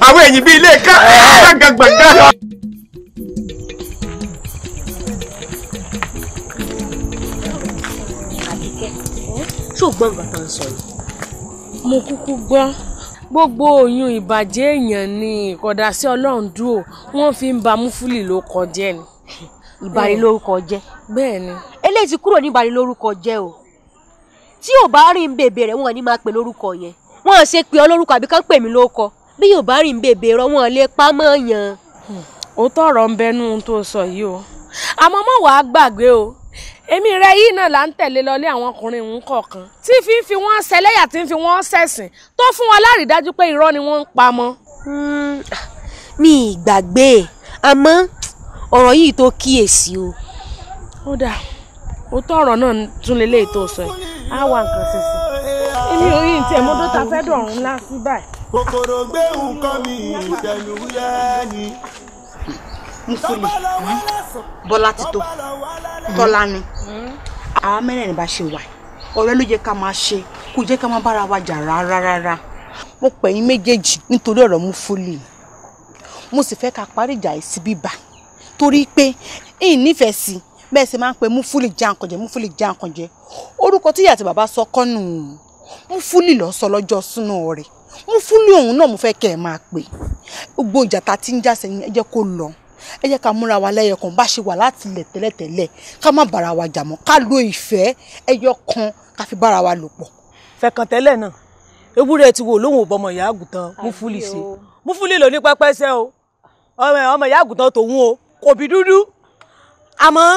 àwọn èyí bíi ilé ṣùgbọ́n nǹkan tá ń sọ yìí mo kúkú gbọ́ gbogbo oyún ìbàjẹ́ èèyàn ni ìkọ̀dà sí ọlọ́run dúró wọ́n fi ń ba múfúlì ló kọjẹ́ ni. ìbàrí lórúkọ jẹ́. bẹ́ẹ̀ ni. eléyìí ti kúrò níbàrí lórúkọ jẹ́ o tí ò bá rìn bèbè rẹ̀ wọ́n ní máa pè lórúkọ yẹn wọ́n ṣe pè ọ lórúkọ àbí kán pè mí lórúkọ bí yóò bá rìn bèbè rọ wọ́n lè pa mọ́ yàn. Hmm. òótọ́ ọ̀rọ̀ ń bẹnu tó sọ yìí o àmọ́ mọ́ wàá gbàgbé o èmi rẹ yìí náà là ń tẹ̀lé lọlé àwọn ọkùnrin òun kọ̀ọ̀kan tí fi ń fi wọ́n ṣẹlẹ́yà tí ń fi wọ́n ṣẹ̀sìn tó fún wọn lárídájú pé irọ́ ni wọ́n ń pa mọ́. Hmm, mi ì gbàgbé e, àmọ́ ọ̀rọ̀ yìí tó kíyèsí o. ó dà òótọ́ ọ̀rọ̀ náà tún lè léyìí tó sọ ẹ̀ á wà nǹkan ṣẹṣẹ. èmi ò rí ntẹ̀ mọ́tò ta fẹ́ dọ̀rùn ńlá sí báyìí. kòkòrò gbé nǹkan mi ìdẹ̀lú yẹ́ ni. mùsùlùmí bọ́lá ti tó Mm-hmm. tọ́lá ni mm-hmm. àwa mẹ́rẹ̀ẹ̀rin bá ṣe wà ọ̀rẹ́ ló yẹ ká máa ṣe kò jẹ́ ká máa bára wa jà rárá rárá mo pè yín méjèèjì nítorí ọ̀rọ̀ Mufuli mo sì fẹ́ ká parí ìjà yìí sí torí pé ẹ̀yin nífẹ̀ẹ́ sí bẹ́ẹ̀ sì máa ń pe Mufuli Jáǹkànjẹ Mufuli Jáǹkànjẹ orúkọ tí ìyá àti bàbá sọ kọ́nù Mufuli lọ sọ lọ́jọ́ súná rẹ̀ Mufuli òun náà mo fẹ́ kẹ́ ẹ máa pè gbogbo ìjà ta ti ń jà ẹ jẹ́ kó lọ ẹ jẹ́ ká múra wa lẹ́yọ̀kan bá ṣe wà láti lẹ̀ tẹ́lẹ̀tẹ́lẹ̀ ká má bára wa jà mọ́ ká lo ìfẹ́ ẹyọ̀kan ká fi bára wa lò pọ̀. fẹ̀kàn tẹ́lẹ̀ náà ewúrẹ́ ti wò lóhùn ọmọ ìyá àgùntàn múfúlì sí múfúlì lò ní pẹ́pẹ́sẹ́ o ọmọ ìyá àgùntàn tòun o kò bí dúdú àmọ́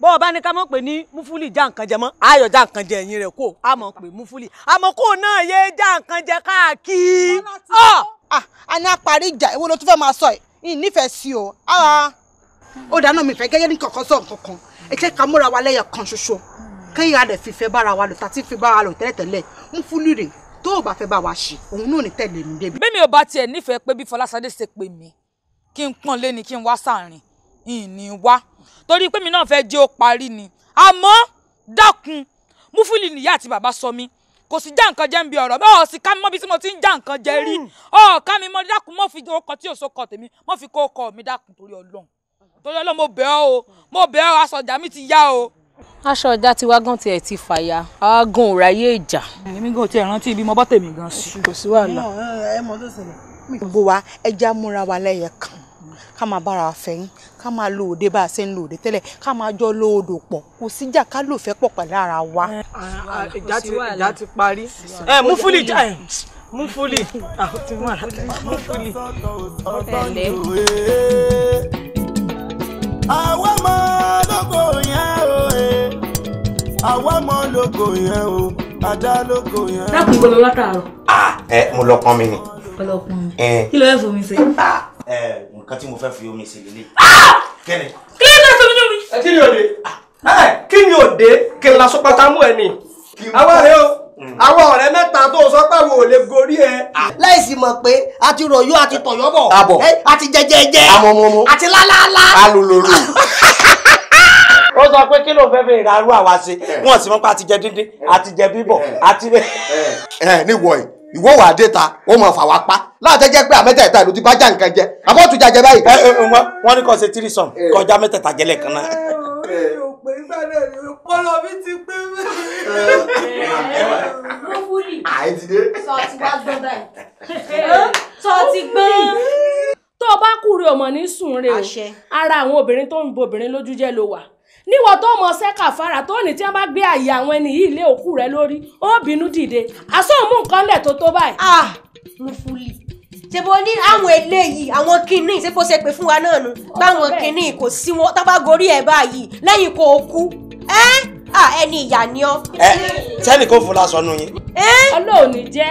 bọ́ ọba ní ká mọ̀ pé ní múfúlì já nǹkan jẹ mọ́ ayọ̀ já nǹkan jẹ ẹ̀yìn rẹ̀ kó a mọ̀ pé múfúlì àmọ́ kó náà yé já nǹkan jẹ káàkiri. Ah, a ní a parí ìjà èwo ló tún fẹ́ máa sọ yìí ìnífẹ̀ẹ́ sí o ara ó dáná mi fẹ́ gẹ́gẹ́ ní kankan sọ̀ kankan ẹ jẹ́ ká múra wa lẹ́yọ̀ kan ṣoṣo kẹ́yìn adẹ̀ fífẹ́ bára wa lò tàbí fífẹ́ bára wa lò tẹ́lẹ̀tẹ́lẹ̀ ń fún lùrè tó o bá fẹ́ bá wa ṣe òun náà ní tẹ̀lé mi débi. bẹ́ẹ̀ mi ò bá tiẹ̀ nífẹ̀ẹ́ pé bí Fọláṣadé ṣe pè mí kí n pọ́n lé ni kí n wá sàárín ìní wá torí pé mi náà fẹ́ jẹ́ ó parí ni àmọ́ dákun múfúlì nìyá àti bàbá sọ mí kò sí já nǹkan jẹ́ ń bi ọ̀rọ̀ bẹ́ẹ̀ ọ̀sì ká mi mọ́ bí tí mo ti ń já nǹkan jẹ rí hmm. ọ̀ọ́ká mi mọ́ dákun mọ́ fi orúkọ tí òṣò kọ tèmi mọ́ fi kó ọkọ mi dákun torí ọlọ́run torí ọlọ́run mo bẹ̀ ọ́ o mo bẹ̀ ọ́ aṣọ ọjà mi ti yá o. aṣọ ọjà tiwa gan tiẹ̀ ti fàya àwa gan ò ráyè ìjà. èmi gan tiẹ̀ rántí ibi mo bọ́ tèmi gan sí. kò sí wàhálà. ẹ mọ tó ṣẹlẹ̀. gbogbo wa ẹja múra wa lẹ́yẹ kan ká máa bára fẹ̀yìn ká máa lo òde bá a ṣe ń lo òde tẹ́lẹ̀ ká máa jọ lo odò pọ̀ kò síjà ká lò fẹ́ pọ̀ pẹ̀lú ara wa. ìjà ti parí ẹ mú fúlì já ẹ mú fúlì àti mara mú fúlì. ọ̀pẹ̀lẹ̀. àwa mọ lóko yẹn o àwa mọ lóko yẹn o àdá lóko yẹn. dákun gbọ́dọ̀ látàárọ̀. Ah! ẹ mo lọ pọn mi ni. ọlọpàá kí ló yẹ fún mi ṣe. Ah! nǹkan tí mo fẹ́ fi omi sí lélẹ̀. Ah! kí ni. kí ni ká tóbi lómi. ẹ kí ni òde. Ah! Eh, kí ni òde kí n la sọpata mú ẹ ni. àwa rẹ o mm. àwọn ọ̀rẹ́ mẹ́ta tó sọ pé àwọn ò lè gorí ẹ. Ah! láìsí mọ̀ pé a ti rọ̀yọ́ àti tọ̀yọ́ bọ̀ àbọ̀ àti eh, jẹjẹjẹ àmọ̀mọ̀mọ̀ àti lálálá. alùlòrò. [LAUGHS] ó sọ pé kí ló fẹ́ fi ìrarú àwa ṣe eh. wọ́n sì mọ́ pé àti jẹ díndín àti jẹ bíbọ̀ àti. ẹ ẹ níwọ̀ yìí ìwọ wà á dé ta ó mọ fà wá pa láti jẹ́ pé àmẹ́tẹ̀ẹ̀ta ìlú ti bá já nǹkan jẹ àbọ̀ tún jàjẹ báyìí. wọ́n ní kò ṣe tírí sàn eh. kọjá mẹ́tẹ̀ẹ̀ta jẹ́lẹ̀ kan náà. òpè sálẹ̀ ni pọ́lọ́ mi ti pé mẹ́rin. Eh, eh, lówùlì [LAUGHS] sọ ti wá gbọ́n báyìí sọ ti gbọ́n tó o bá kúrò ọmọ ní sùn rè o ara àwọn obìnrin tó ń bo obìnrin lójú jẹ́ ló wà níwọ tó mọ sẹ́kà fara tó ní tí wọ́n bá gbé àyè àwọn ẹni yìí lé òkú rẹ lórí ó bínú dìde àsọ̀mù nǹkan lẹ̀ tó tó báyìí. ah Rúfúlì ṣe bó ní àwọn eléyìí àwọn kinní ṣe bó ṣe pè fún wa náà nu báwọn kinní kò sí wọn tá bá gorí ẹ báyìí lẹ́yìn kò kú ẹ ẹni ìyà ni ọ. ẹ sẹ́ni kò fún lásán nù yín. ọlọ́ọ̀ni jẹ́.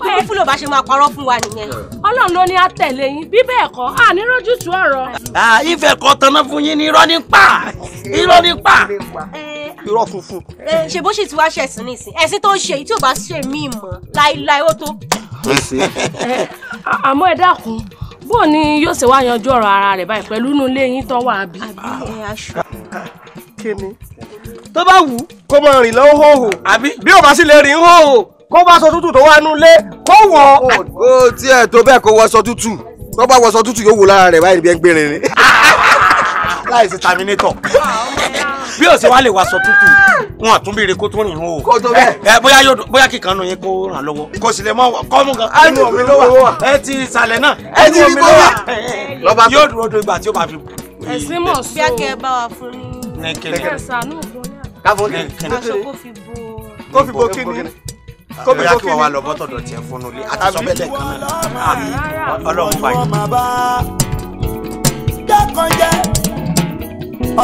báwo fúlò bá ṣe máa parọ́ fún wa nìyẹn. ọlọ́run ló ní á tẹ̀lé yín bí bẹ́ẹ̀ kọ́ à ní rójútùú ọ̀rọ̀. ìfẹ́ kan tanná fún yín ní irọ́ ní pa irọ́ ní pa irọ́ funfun. ṣe bó ṣe ti wá ṣe ẹ̀sìn nísìn ẹ̀sìn tó ń ṣe tí ò bá ṣe mí mọ́ láéláé ó tó. àmọ́ ẹ dákun bó ni yóò ṣe wá yanjú ọ̀rọ̀ ara rẹ̀ báyìí pẹ̀lú inú ilé yín tán wà bí. tó bá wù kó máa rìn lọ hóhò àbí bí ò bá sì lè rìn hóhò kó bá aṣọ tútù tó wà nulẹ̀ kó wọ̀. ó tiẹ̀ tó bẹ́ẹ̀ kó wọṣọ tútù tó bá wọṣọ tútù yóò wò lára rẹ̀ báyìí bí ẹ ń gbérin ni. láì sí terminator bí o ṣe wá lè wàṣọ tútù wọn àtún bí ire kó tó rìn o ẹ bóyá yóò bóyá kíkan nù yín kó ràn lọ́wọ́ kò sì lè mọ kọmú gan ẹnu omi ló wà ẹ ti ìsàlẹ̀ náà ẹnu omi ló wà yóò dúró do ìgbà tí ó bá fi. ẹ̀sìn mọ̀ sí àkẹ́ bá wa fún ní. nẹkẹlẹ káfọ́n ní aṣọ kó fi bo kó fi bo kíni kóbi kó kí wàá lọ bọ́tọ̀ dọ̀tí ẹ̀ fún un lé àti sọ́bẹ̀lẹ̀ kan náà ọlọ́run bá yìí. dákanjẹ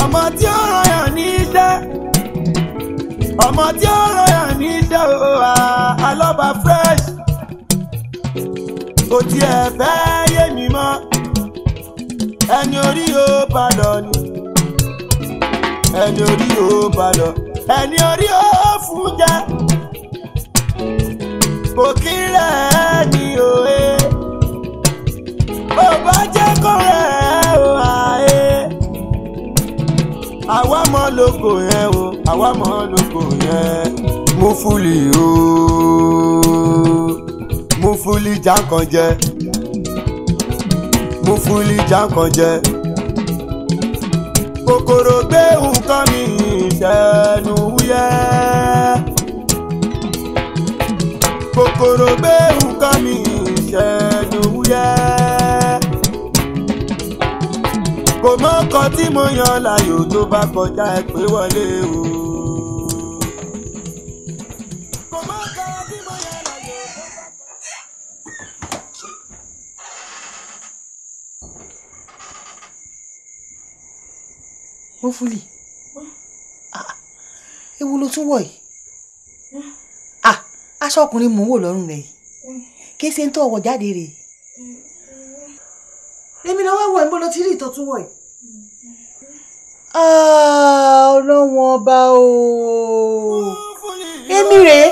ọmọ tí ó ràn yàn ní í dá ọmọ tí ó ràn yàn ní í dá o alọ́ba fresh kò tiẹ̀ fẹ́ yé mi mọ́ ẹni orí yóò bá lọ ni ẹni orí yóò bá lọ ẹni orí yóò fún jẹ kò kí rẹ̀ ní òye ó bá jẹ́ kó rẹ̀ ó àyè àwa mọ lóko yẹn o àwa mọ lóko yẹn mú fúlì o mú fúlì jákànjẹ mú fúlì jákànjẹ kòkòrò gbé tí mo yan láyò tó bá kọjá ẹ pé wọlé o. mo fúli ah, ewu ló tún wọ̀ yìí ah, aṣọ ọkùnrin mò ń wò lọ́rùn rẹ̀ kí ṣe ń tó ọwọ́ jáde rè é èmi náà wá wọ̀ ẹ́ bó ló ti rí ìtọ́tún wọ̀ yìí. Ah, ọlọ́wọ́n ọba o èmi rèé.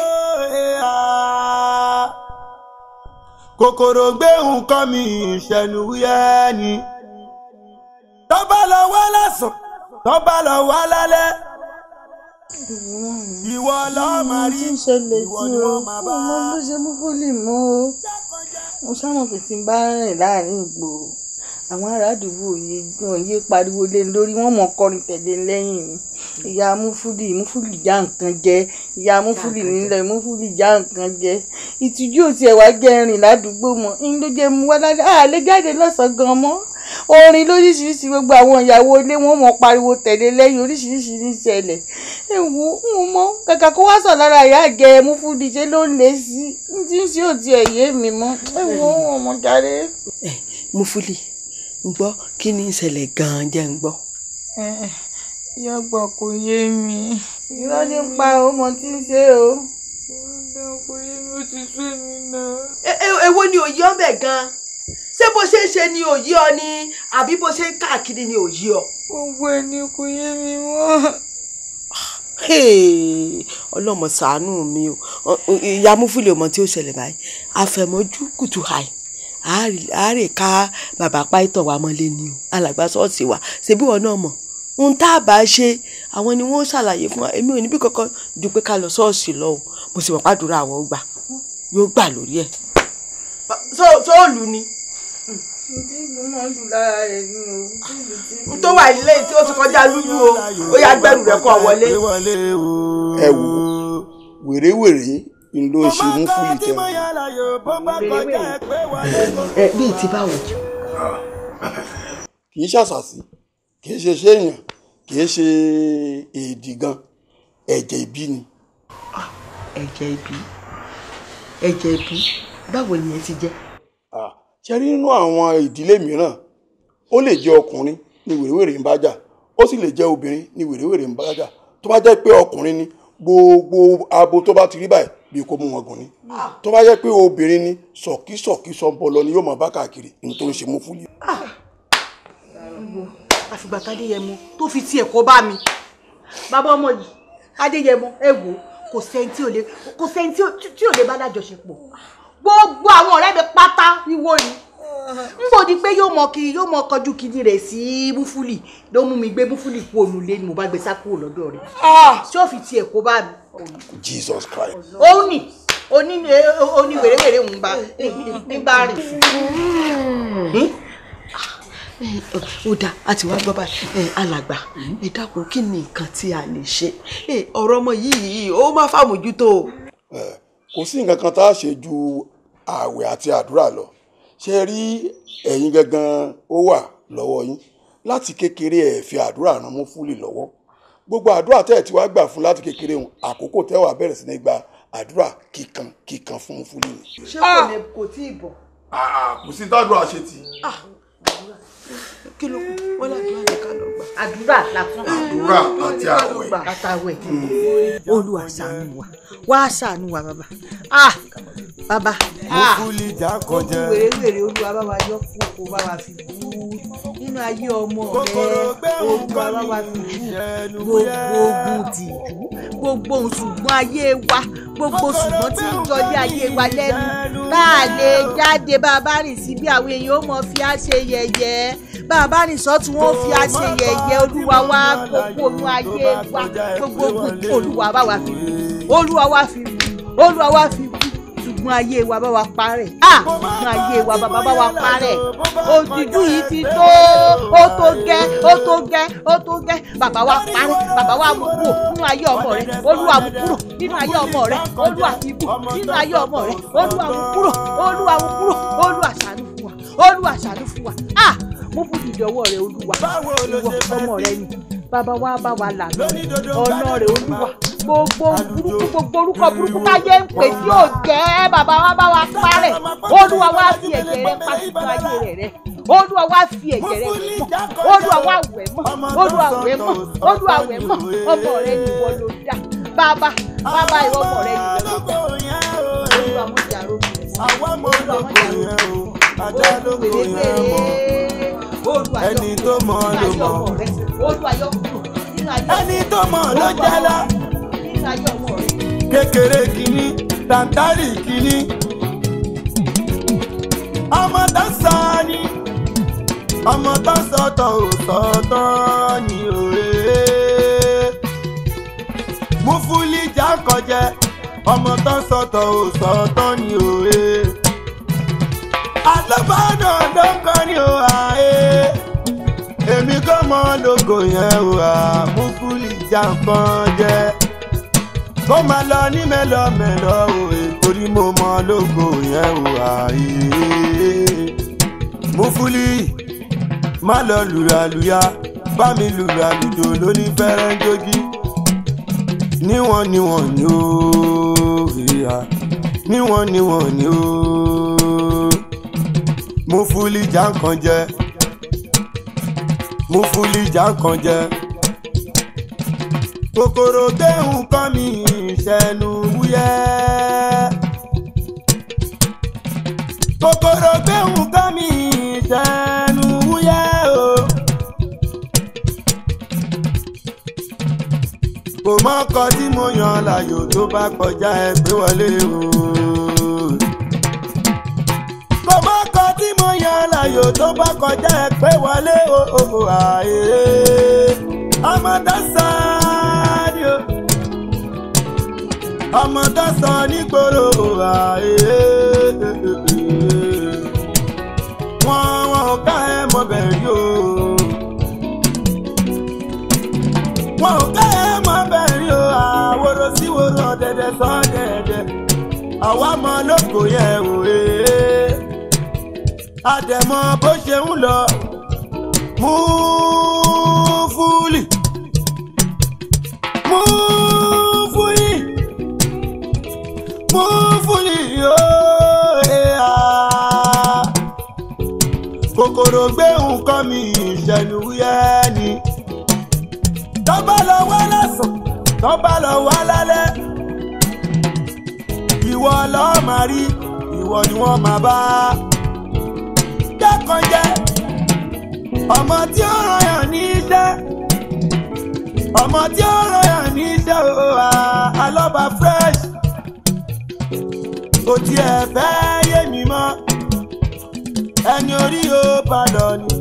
kòkòrò gbé nǹkan mi ìṣẹ̀nu yẹ́ ni tó bá lọ wá lásán tó bá lọ wá lálẹ́ ìwọ lọ́ọ́ rí ìwọ ni bá. mo mọ bó ṣe mú fólì mọ́ o mo ṣàmọ̀ pé tí bá rìn láàrin ìgboro àwọn ará àdúgbò yìí yé pariwo lé lórí wọn mọ kọrin tẹ̀lé lẹ́yìn mi ìyá amúfúlì ìmúfúlì já nǹkan jẹ ìyá amúfúlì nílẹ̀ ìmúfúlì já nǹkan jẹ ìtújú òtí ẹwà jẹ rìn ládùúgbò mọ ń ló jẹ mu wá láti àlẹ jáde lọ́sàn gan mọ́ orin lóríṣiríṣi gbogbo àwọn ìyàwó ilé wọn mọ pariwo tẹ̀lé lẹ́yìn oríṣiríṣi ní ìṣẹ̀lẹ̀ ewu ń mọ kàkà kó wá sọ lára ìyá àjẹ múfúdi ṣe ló ń lé sí ní tí ń ṣe òtí ẹ̀yẹ mi mọ́ ewu ń mọ jáde. múfúdi ń gbọ́ kí ni ìṣẹ̀lẹ̀ gan-an jẹ́ ń gbọ́. yọgbọ kò yé mi irọ́ nípa ọmọ tí ń ṣe o kò yé mi ó ti sú mi náà. èwo ni òye ọbẹ̀ gan-an ṣé bó ṣe ń ṣe ni òye ọ ni àbí bó ṣe ń káàkiri ni òye ọ. gbogbo ẹni kò yé mi mọ́ ọlọ́mọ ṣàánú mi o ìyá múfìlì ọmọ tí ó ṣẹlẹ̀ báyìí àfẹ̀mọ́jú kùtù hàì a àárè ká bàbá páìtọ̀ wa mọ́lé ni o alàgbà ṣọ́ọ̀ṣì wa ṣebí wọn náà mọ̀ ohun tá a bá ṣe àwọn ni wọ́n ṣàlàyé fún wa èmi ò níbi kankan ju pé ká lọ ṣọ́ọ̀ṣì lọ o mo sì mọ̀ pàdúrà àwọn gbà yóò gbà lórí ẹ̀. sóòlù ni n tó wà nílé tí ó ti kọjá lúlú o ó yà gbẹrù rẹ kọ wọlé. ẹ wo wèrèwèrè n ló ṣe mú fúlì tẹ ẹ bíi ti báwo. kì í ṣàṣàṣì kì í ṣe ṣéèyàn kì í ṣe èdè gan ẹ̀jẹ̀ ìbí ni. ẹ̀jẹ̀ ìbí ẹ̀jẹ̀ ìbí báwo ni ẹ ti jẹ́. ṣe rí nínú àwọn ìdílé mìíràn ó lè jẹ́ ọkùnrin ni wèrèwèrè ń bá jà ó sì lè jẹ́ obìnrin ni wèrèwèrè ń bá jà tó bá jẹ́ pé ọkùnrin ni gbogbo abo tó bá ti rí báyìí bí kò mú wọn gùn ni tó bá yẹ pé obìnrin ni sọ̀kísọ̀kí sọ̀bọ̀lọ ni yóò máa bá káàkiri ní tó ń ṣe mú fúlẹ̀. àfìgbà tádéyẹmọ tó fi tiẹ̀ kọ́ bá mi bàbá ọmọ yìí adéyẹmọ ẹ wò kò sẹ́ni tí ò lè bá lájọṣepọ̀ gbogbo àwọn ọ̀rẹ́ mi pátá ni wọ́n yìí n bò di pé yóò mọ kiri yóò mọ kọjú kiri rẹ̀ sí búfúlì ló mú mi gbé búfúlì kú ònulé ni mo bá gbé sá kúrò lọ́dọ̀ rẹ̀ ah! ṣé ò fi tiẹ̀ kó bá mi. Jesus Christ. òun ni oní wèrèwèrè ń bá nígbà rìn hmm. ó dáa àti wá gbọ́ báyìí eh, alàgbà ẹ dákun kí ni nǹkan tí a lè ṣe eh, ọ̀rọ̀ ọmọ yìí ó máa fàmójútó. Eh, kò sí nǹkan kan tá a ṣe ju ààwẹ̀ àti àdúrà lọ ṣe rí ẹ̀yin gangan ó wà lọ́wọ́ yín láti kékeré ẹ̀ fi àdúrà ràn mú fúlì lọ́wọ́ gbogbo àdúrà tẹ́ ẹ̀ ti wá gbà fún láti kékeré òun àkókò tẹ́ wàá bẹ̀rẹ̀ sí ní gba àdúrà kíkan kíkan fún fúlì ah! ṣé kò ní kò tí ì bọ̀. Ah, ah, kò sí tádùn àṣetì àdúrà kí ló kù wọn ládùúrà ní ká lọ gbà. àdúrà àdúrà àti àwẹ̀. àtàwẹ̀ hmm. olúwa ṣàánú wa wá ṣàánú wa bàbá ah bàbá ah wèrè wèrè olúwa bá wa yọ kó kó bá wa fi gbúú nínú ayé ọmọ rẹ ogun aláwa tìjú gbogbo ogun tìjú gbogbo ṣùgbọ́n ayé wa gbogbo ṣùgbọ́n tí ń jọlé ayé wa lẹ́nu bá a lè jáde bá a bá rìn sí bí àwọn èèyàn ó mọ fi á ṣe yẹ̀yẹ́ bá a bá rìn sọ́tù wọn ó fi á ṣe yẹ̀yẹ́ olúwa wa gbogbo ohun ayé wa gbogbo ogun tí olúwa wa fi olúwa wa fi olúwa wa fi kú ṣùgbọ́n ayé wa bá wa parẹ́ ah ṣùgbọ́n ayé wa bàbá bá wa parẹ́ òtítù yìí ti tó ó tó gẹ́ ó tó gẹ́ ó tó gẹ́ bàbá wa parẹ́ bàbá wa mú kúrò nínú ayé ọmọ rẹ olúwa mú kúrò nínú ayé ọmọ rẹ olúwa fi bù nínú ayé ọmọ rẹ olúwa mú kúrò olúwa mú kúrò olúwa ṣàánú fún wa olúwa ṣàánú fún wa ah mú kúrò ìdọ̀wọ́ rẹ olúwa ìwọ ọmọ rẹ ni bàbá wa bá wa là ọ̀nà rẹ̀ olúwa gbogbo burúkú gbogbo orúkọ burúkú táyé ń pè tí yóò jẹ́ bàbá wa bá wa parẹ́ olúwa wa fi ẹ̀jẹ̀ rẹ̀ pa sínú ayé rẹ̀ rẹ̀ olúwa wa fi ẹ̀jẹ̀ rẹ̀ mọ́ olúwa wa wẹ̀ mọ́ olúwa wẹ̀ mọ́ olúwa wẹ̀ mọ́ ọmọ rẹ̀ ni wọ́n ló dá bàbá bàbá ìwọ ọmọ rẹ̀ ni wọ́n ló dá olúwa mo ti àròkù rẹ̀ sí olúwa mo ti àròkù rẹ̀ sí olúwa mo ti àròkù rẹ̀ sí ẹni tó mọ̀ ló mọ̀ ẹni tó mọ̀ ló jẹ́ lọ kékeré kìíní tàǹtàrì kìíní ọmọ tó sọ ni ọmọ tó sọtọ ò sọtọ ni òye mufuli jákọjẹ ọmọ tó sọtọ ò sọtọ ni òye alábàádàn ló ń kọrin òhà ẹ èmi kọ́ mọ lógo yẹn o àmúfúlì jàǹkan jẹ́ kó máa lọ ní mẹ́lọ́mẹ́lọ́ o torí mo mọ lógo yẹn o àyè múfúlì má lọ lùràlùyà bá mi lùràlùjò lórí fẹ́rẹ́ jógí níwọ̀n níwọ̀n ni ó ìyá níwọ̀n níwọ̀n ni ó múfúlì jàǹkan jẹ́ mo fúli ìjà kan jẹ. kòkòrò kéhùn kan mi ìṣẹ́nu wúyẹ́. kòkòrò kéhùn kan mi ìṣẹ́nu wúyẹ́ o. kò mọ́kọ tí mo yan láàyò tó bá kọjá ẹgbẹ́ wọlé o. tí mo yan láyò tó bá kọjá ẹ pé wọlé òhò àyè ọmọ dọ́sàn ni o ọmọ dọ́sàn nígboro àyè wọn wọn ká ẹ mọ bẹ̀rẹ̀ yìí o wọn ká ẹ mọ bẹ̀rẹ̀ yìí o àwòrò síwòrò ọ̀dẹ̀dẹ̀ sọ́ọ̀dẹ̀dẹ̀ àwa mọ lóko yẹ òye àdẹ̀mọ bó ṣe ń lọ mú fúlì mú fúlì mú fúlì yóò ẹ̀yà kòkòrò gbé nǹkan mi ìṣẹ̀lú yẹ́ ni tọ́ba lọ wá lásán tọ́ba lọ wá lálẹ́ ìwọ lọ́ọ́ máa rí ìwọ ni wọ́n máa bá nǹkan jẹ́ ọmọ tí ó ràn yàn ní í dá ọmọ tí ó ràn yàn ní í dá o fresh kò tiẹ̀ fẹ́ yé mi mọ́ ẹni orí ó balọ̀ ni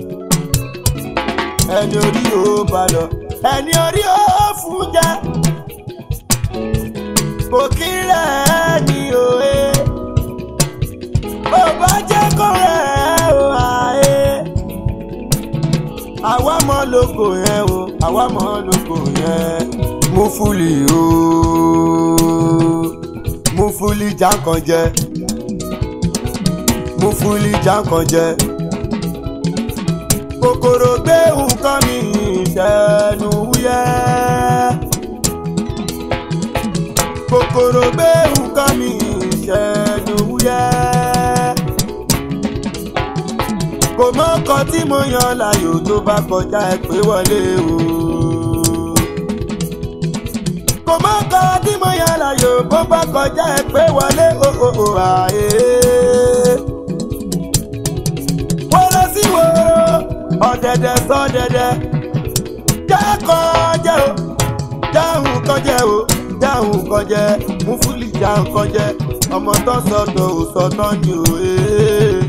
ẹni orí ó balọ̀ ẹni orí ó fún jẹ́ kò kí rẹ̀ ni bá jẹ́ kó àwa mọ lóko yẹn o àwa mọ lóko yẹn mú fúlì o mú fúlì jákànjẹ mú fúlì jákànjẹ kòkòrò gbé nǹkan mi ìdẹnu wúyẹ́ kòkòrò gbé nǹkan mi ìdẹnu wúyẹ́. kò mọ́kọ tí mo yan láyò tó bá kọjá ẹ pé wọlé o. kò mọ́kọ tí mo yan láyò bó bá kọjá ẹ pé wọlé o o o àyè. wóró sí wóró ọ̀dẹ̀dẹ̀ sọ́dẹ̀dẹ̀ jẹ́ kọ́ jẹ́ o dáhùn kọ́ jẹ́ o dáhùn kọ́ jẹ́ mú fúlì dáhùn kọ́ jẹ́ ọmọ tó sọ̀tọ̀ ò sọ̀tọ̀ ni o. Hey. Eh.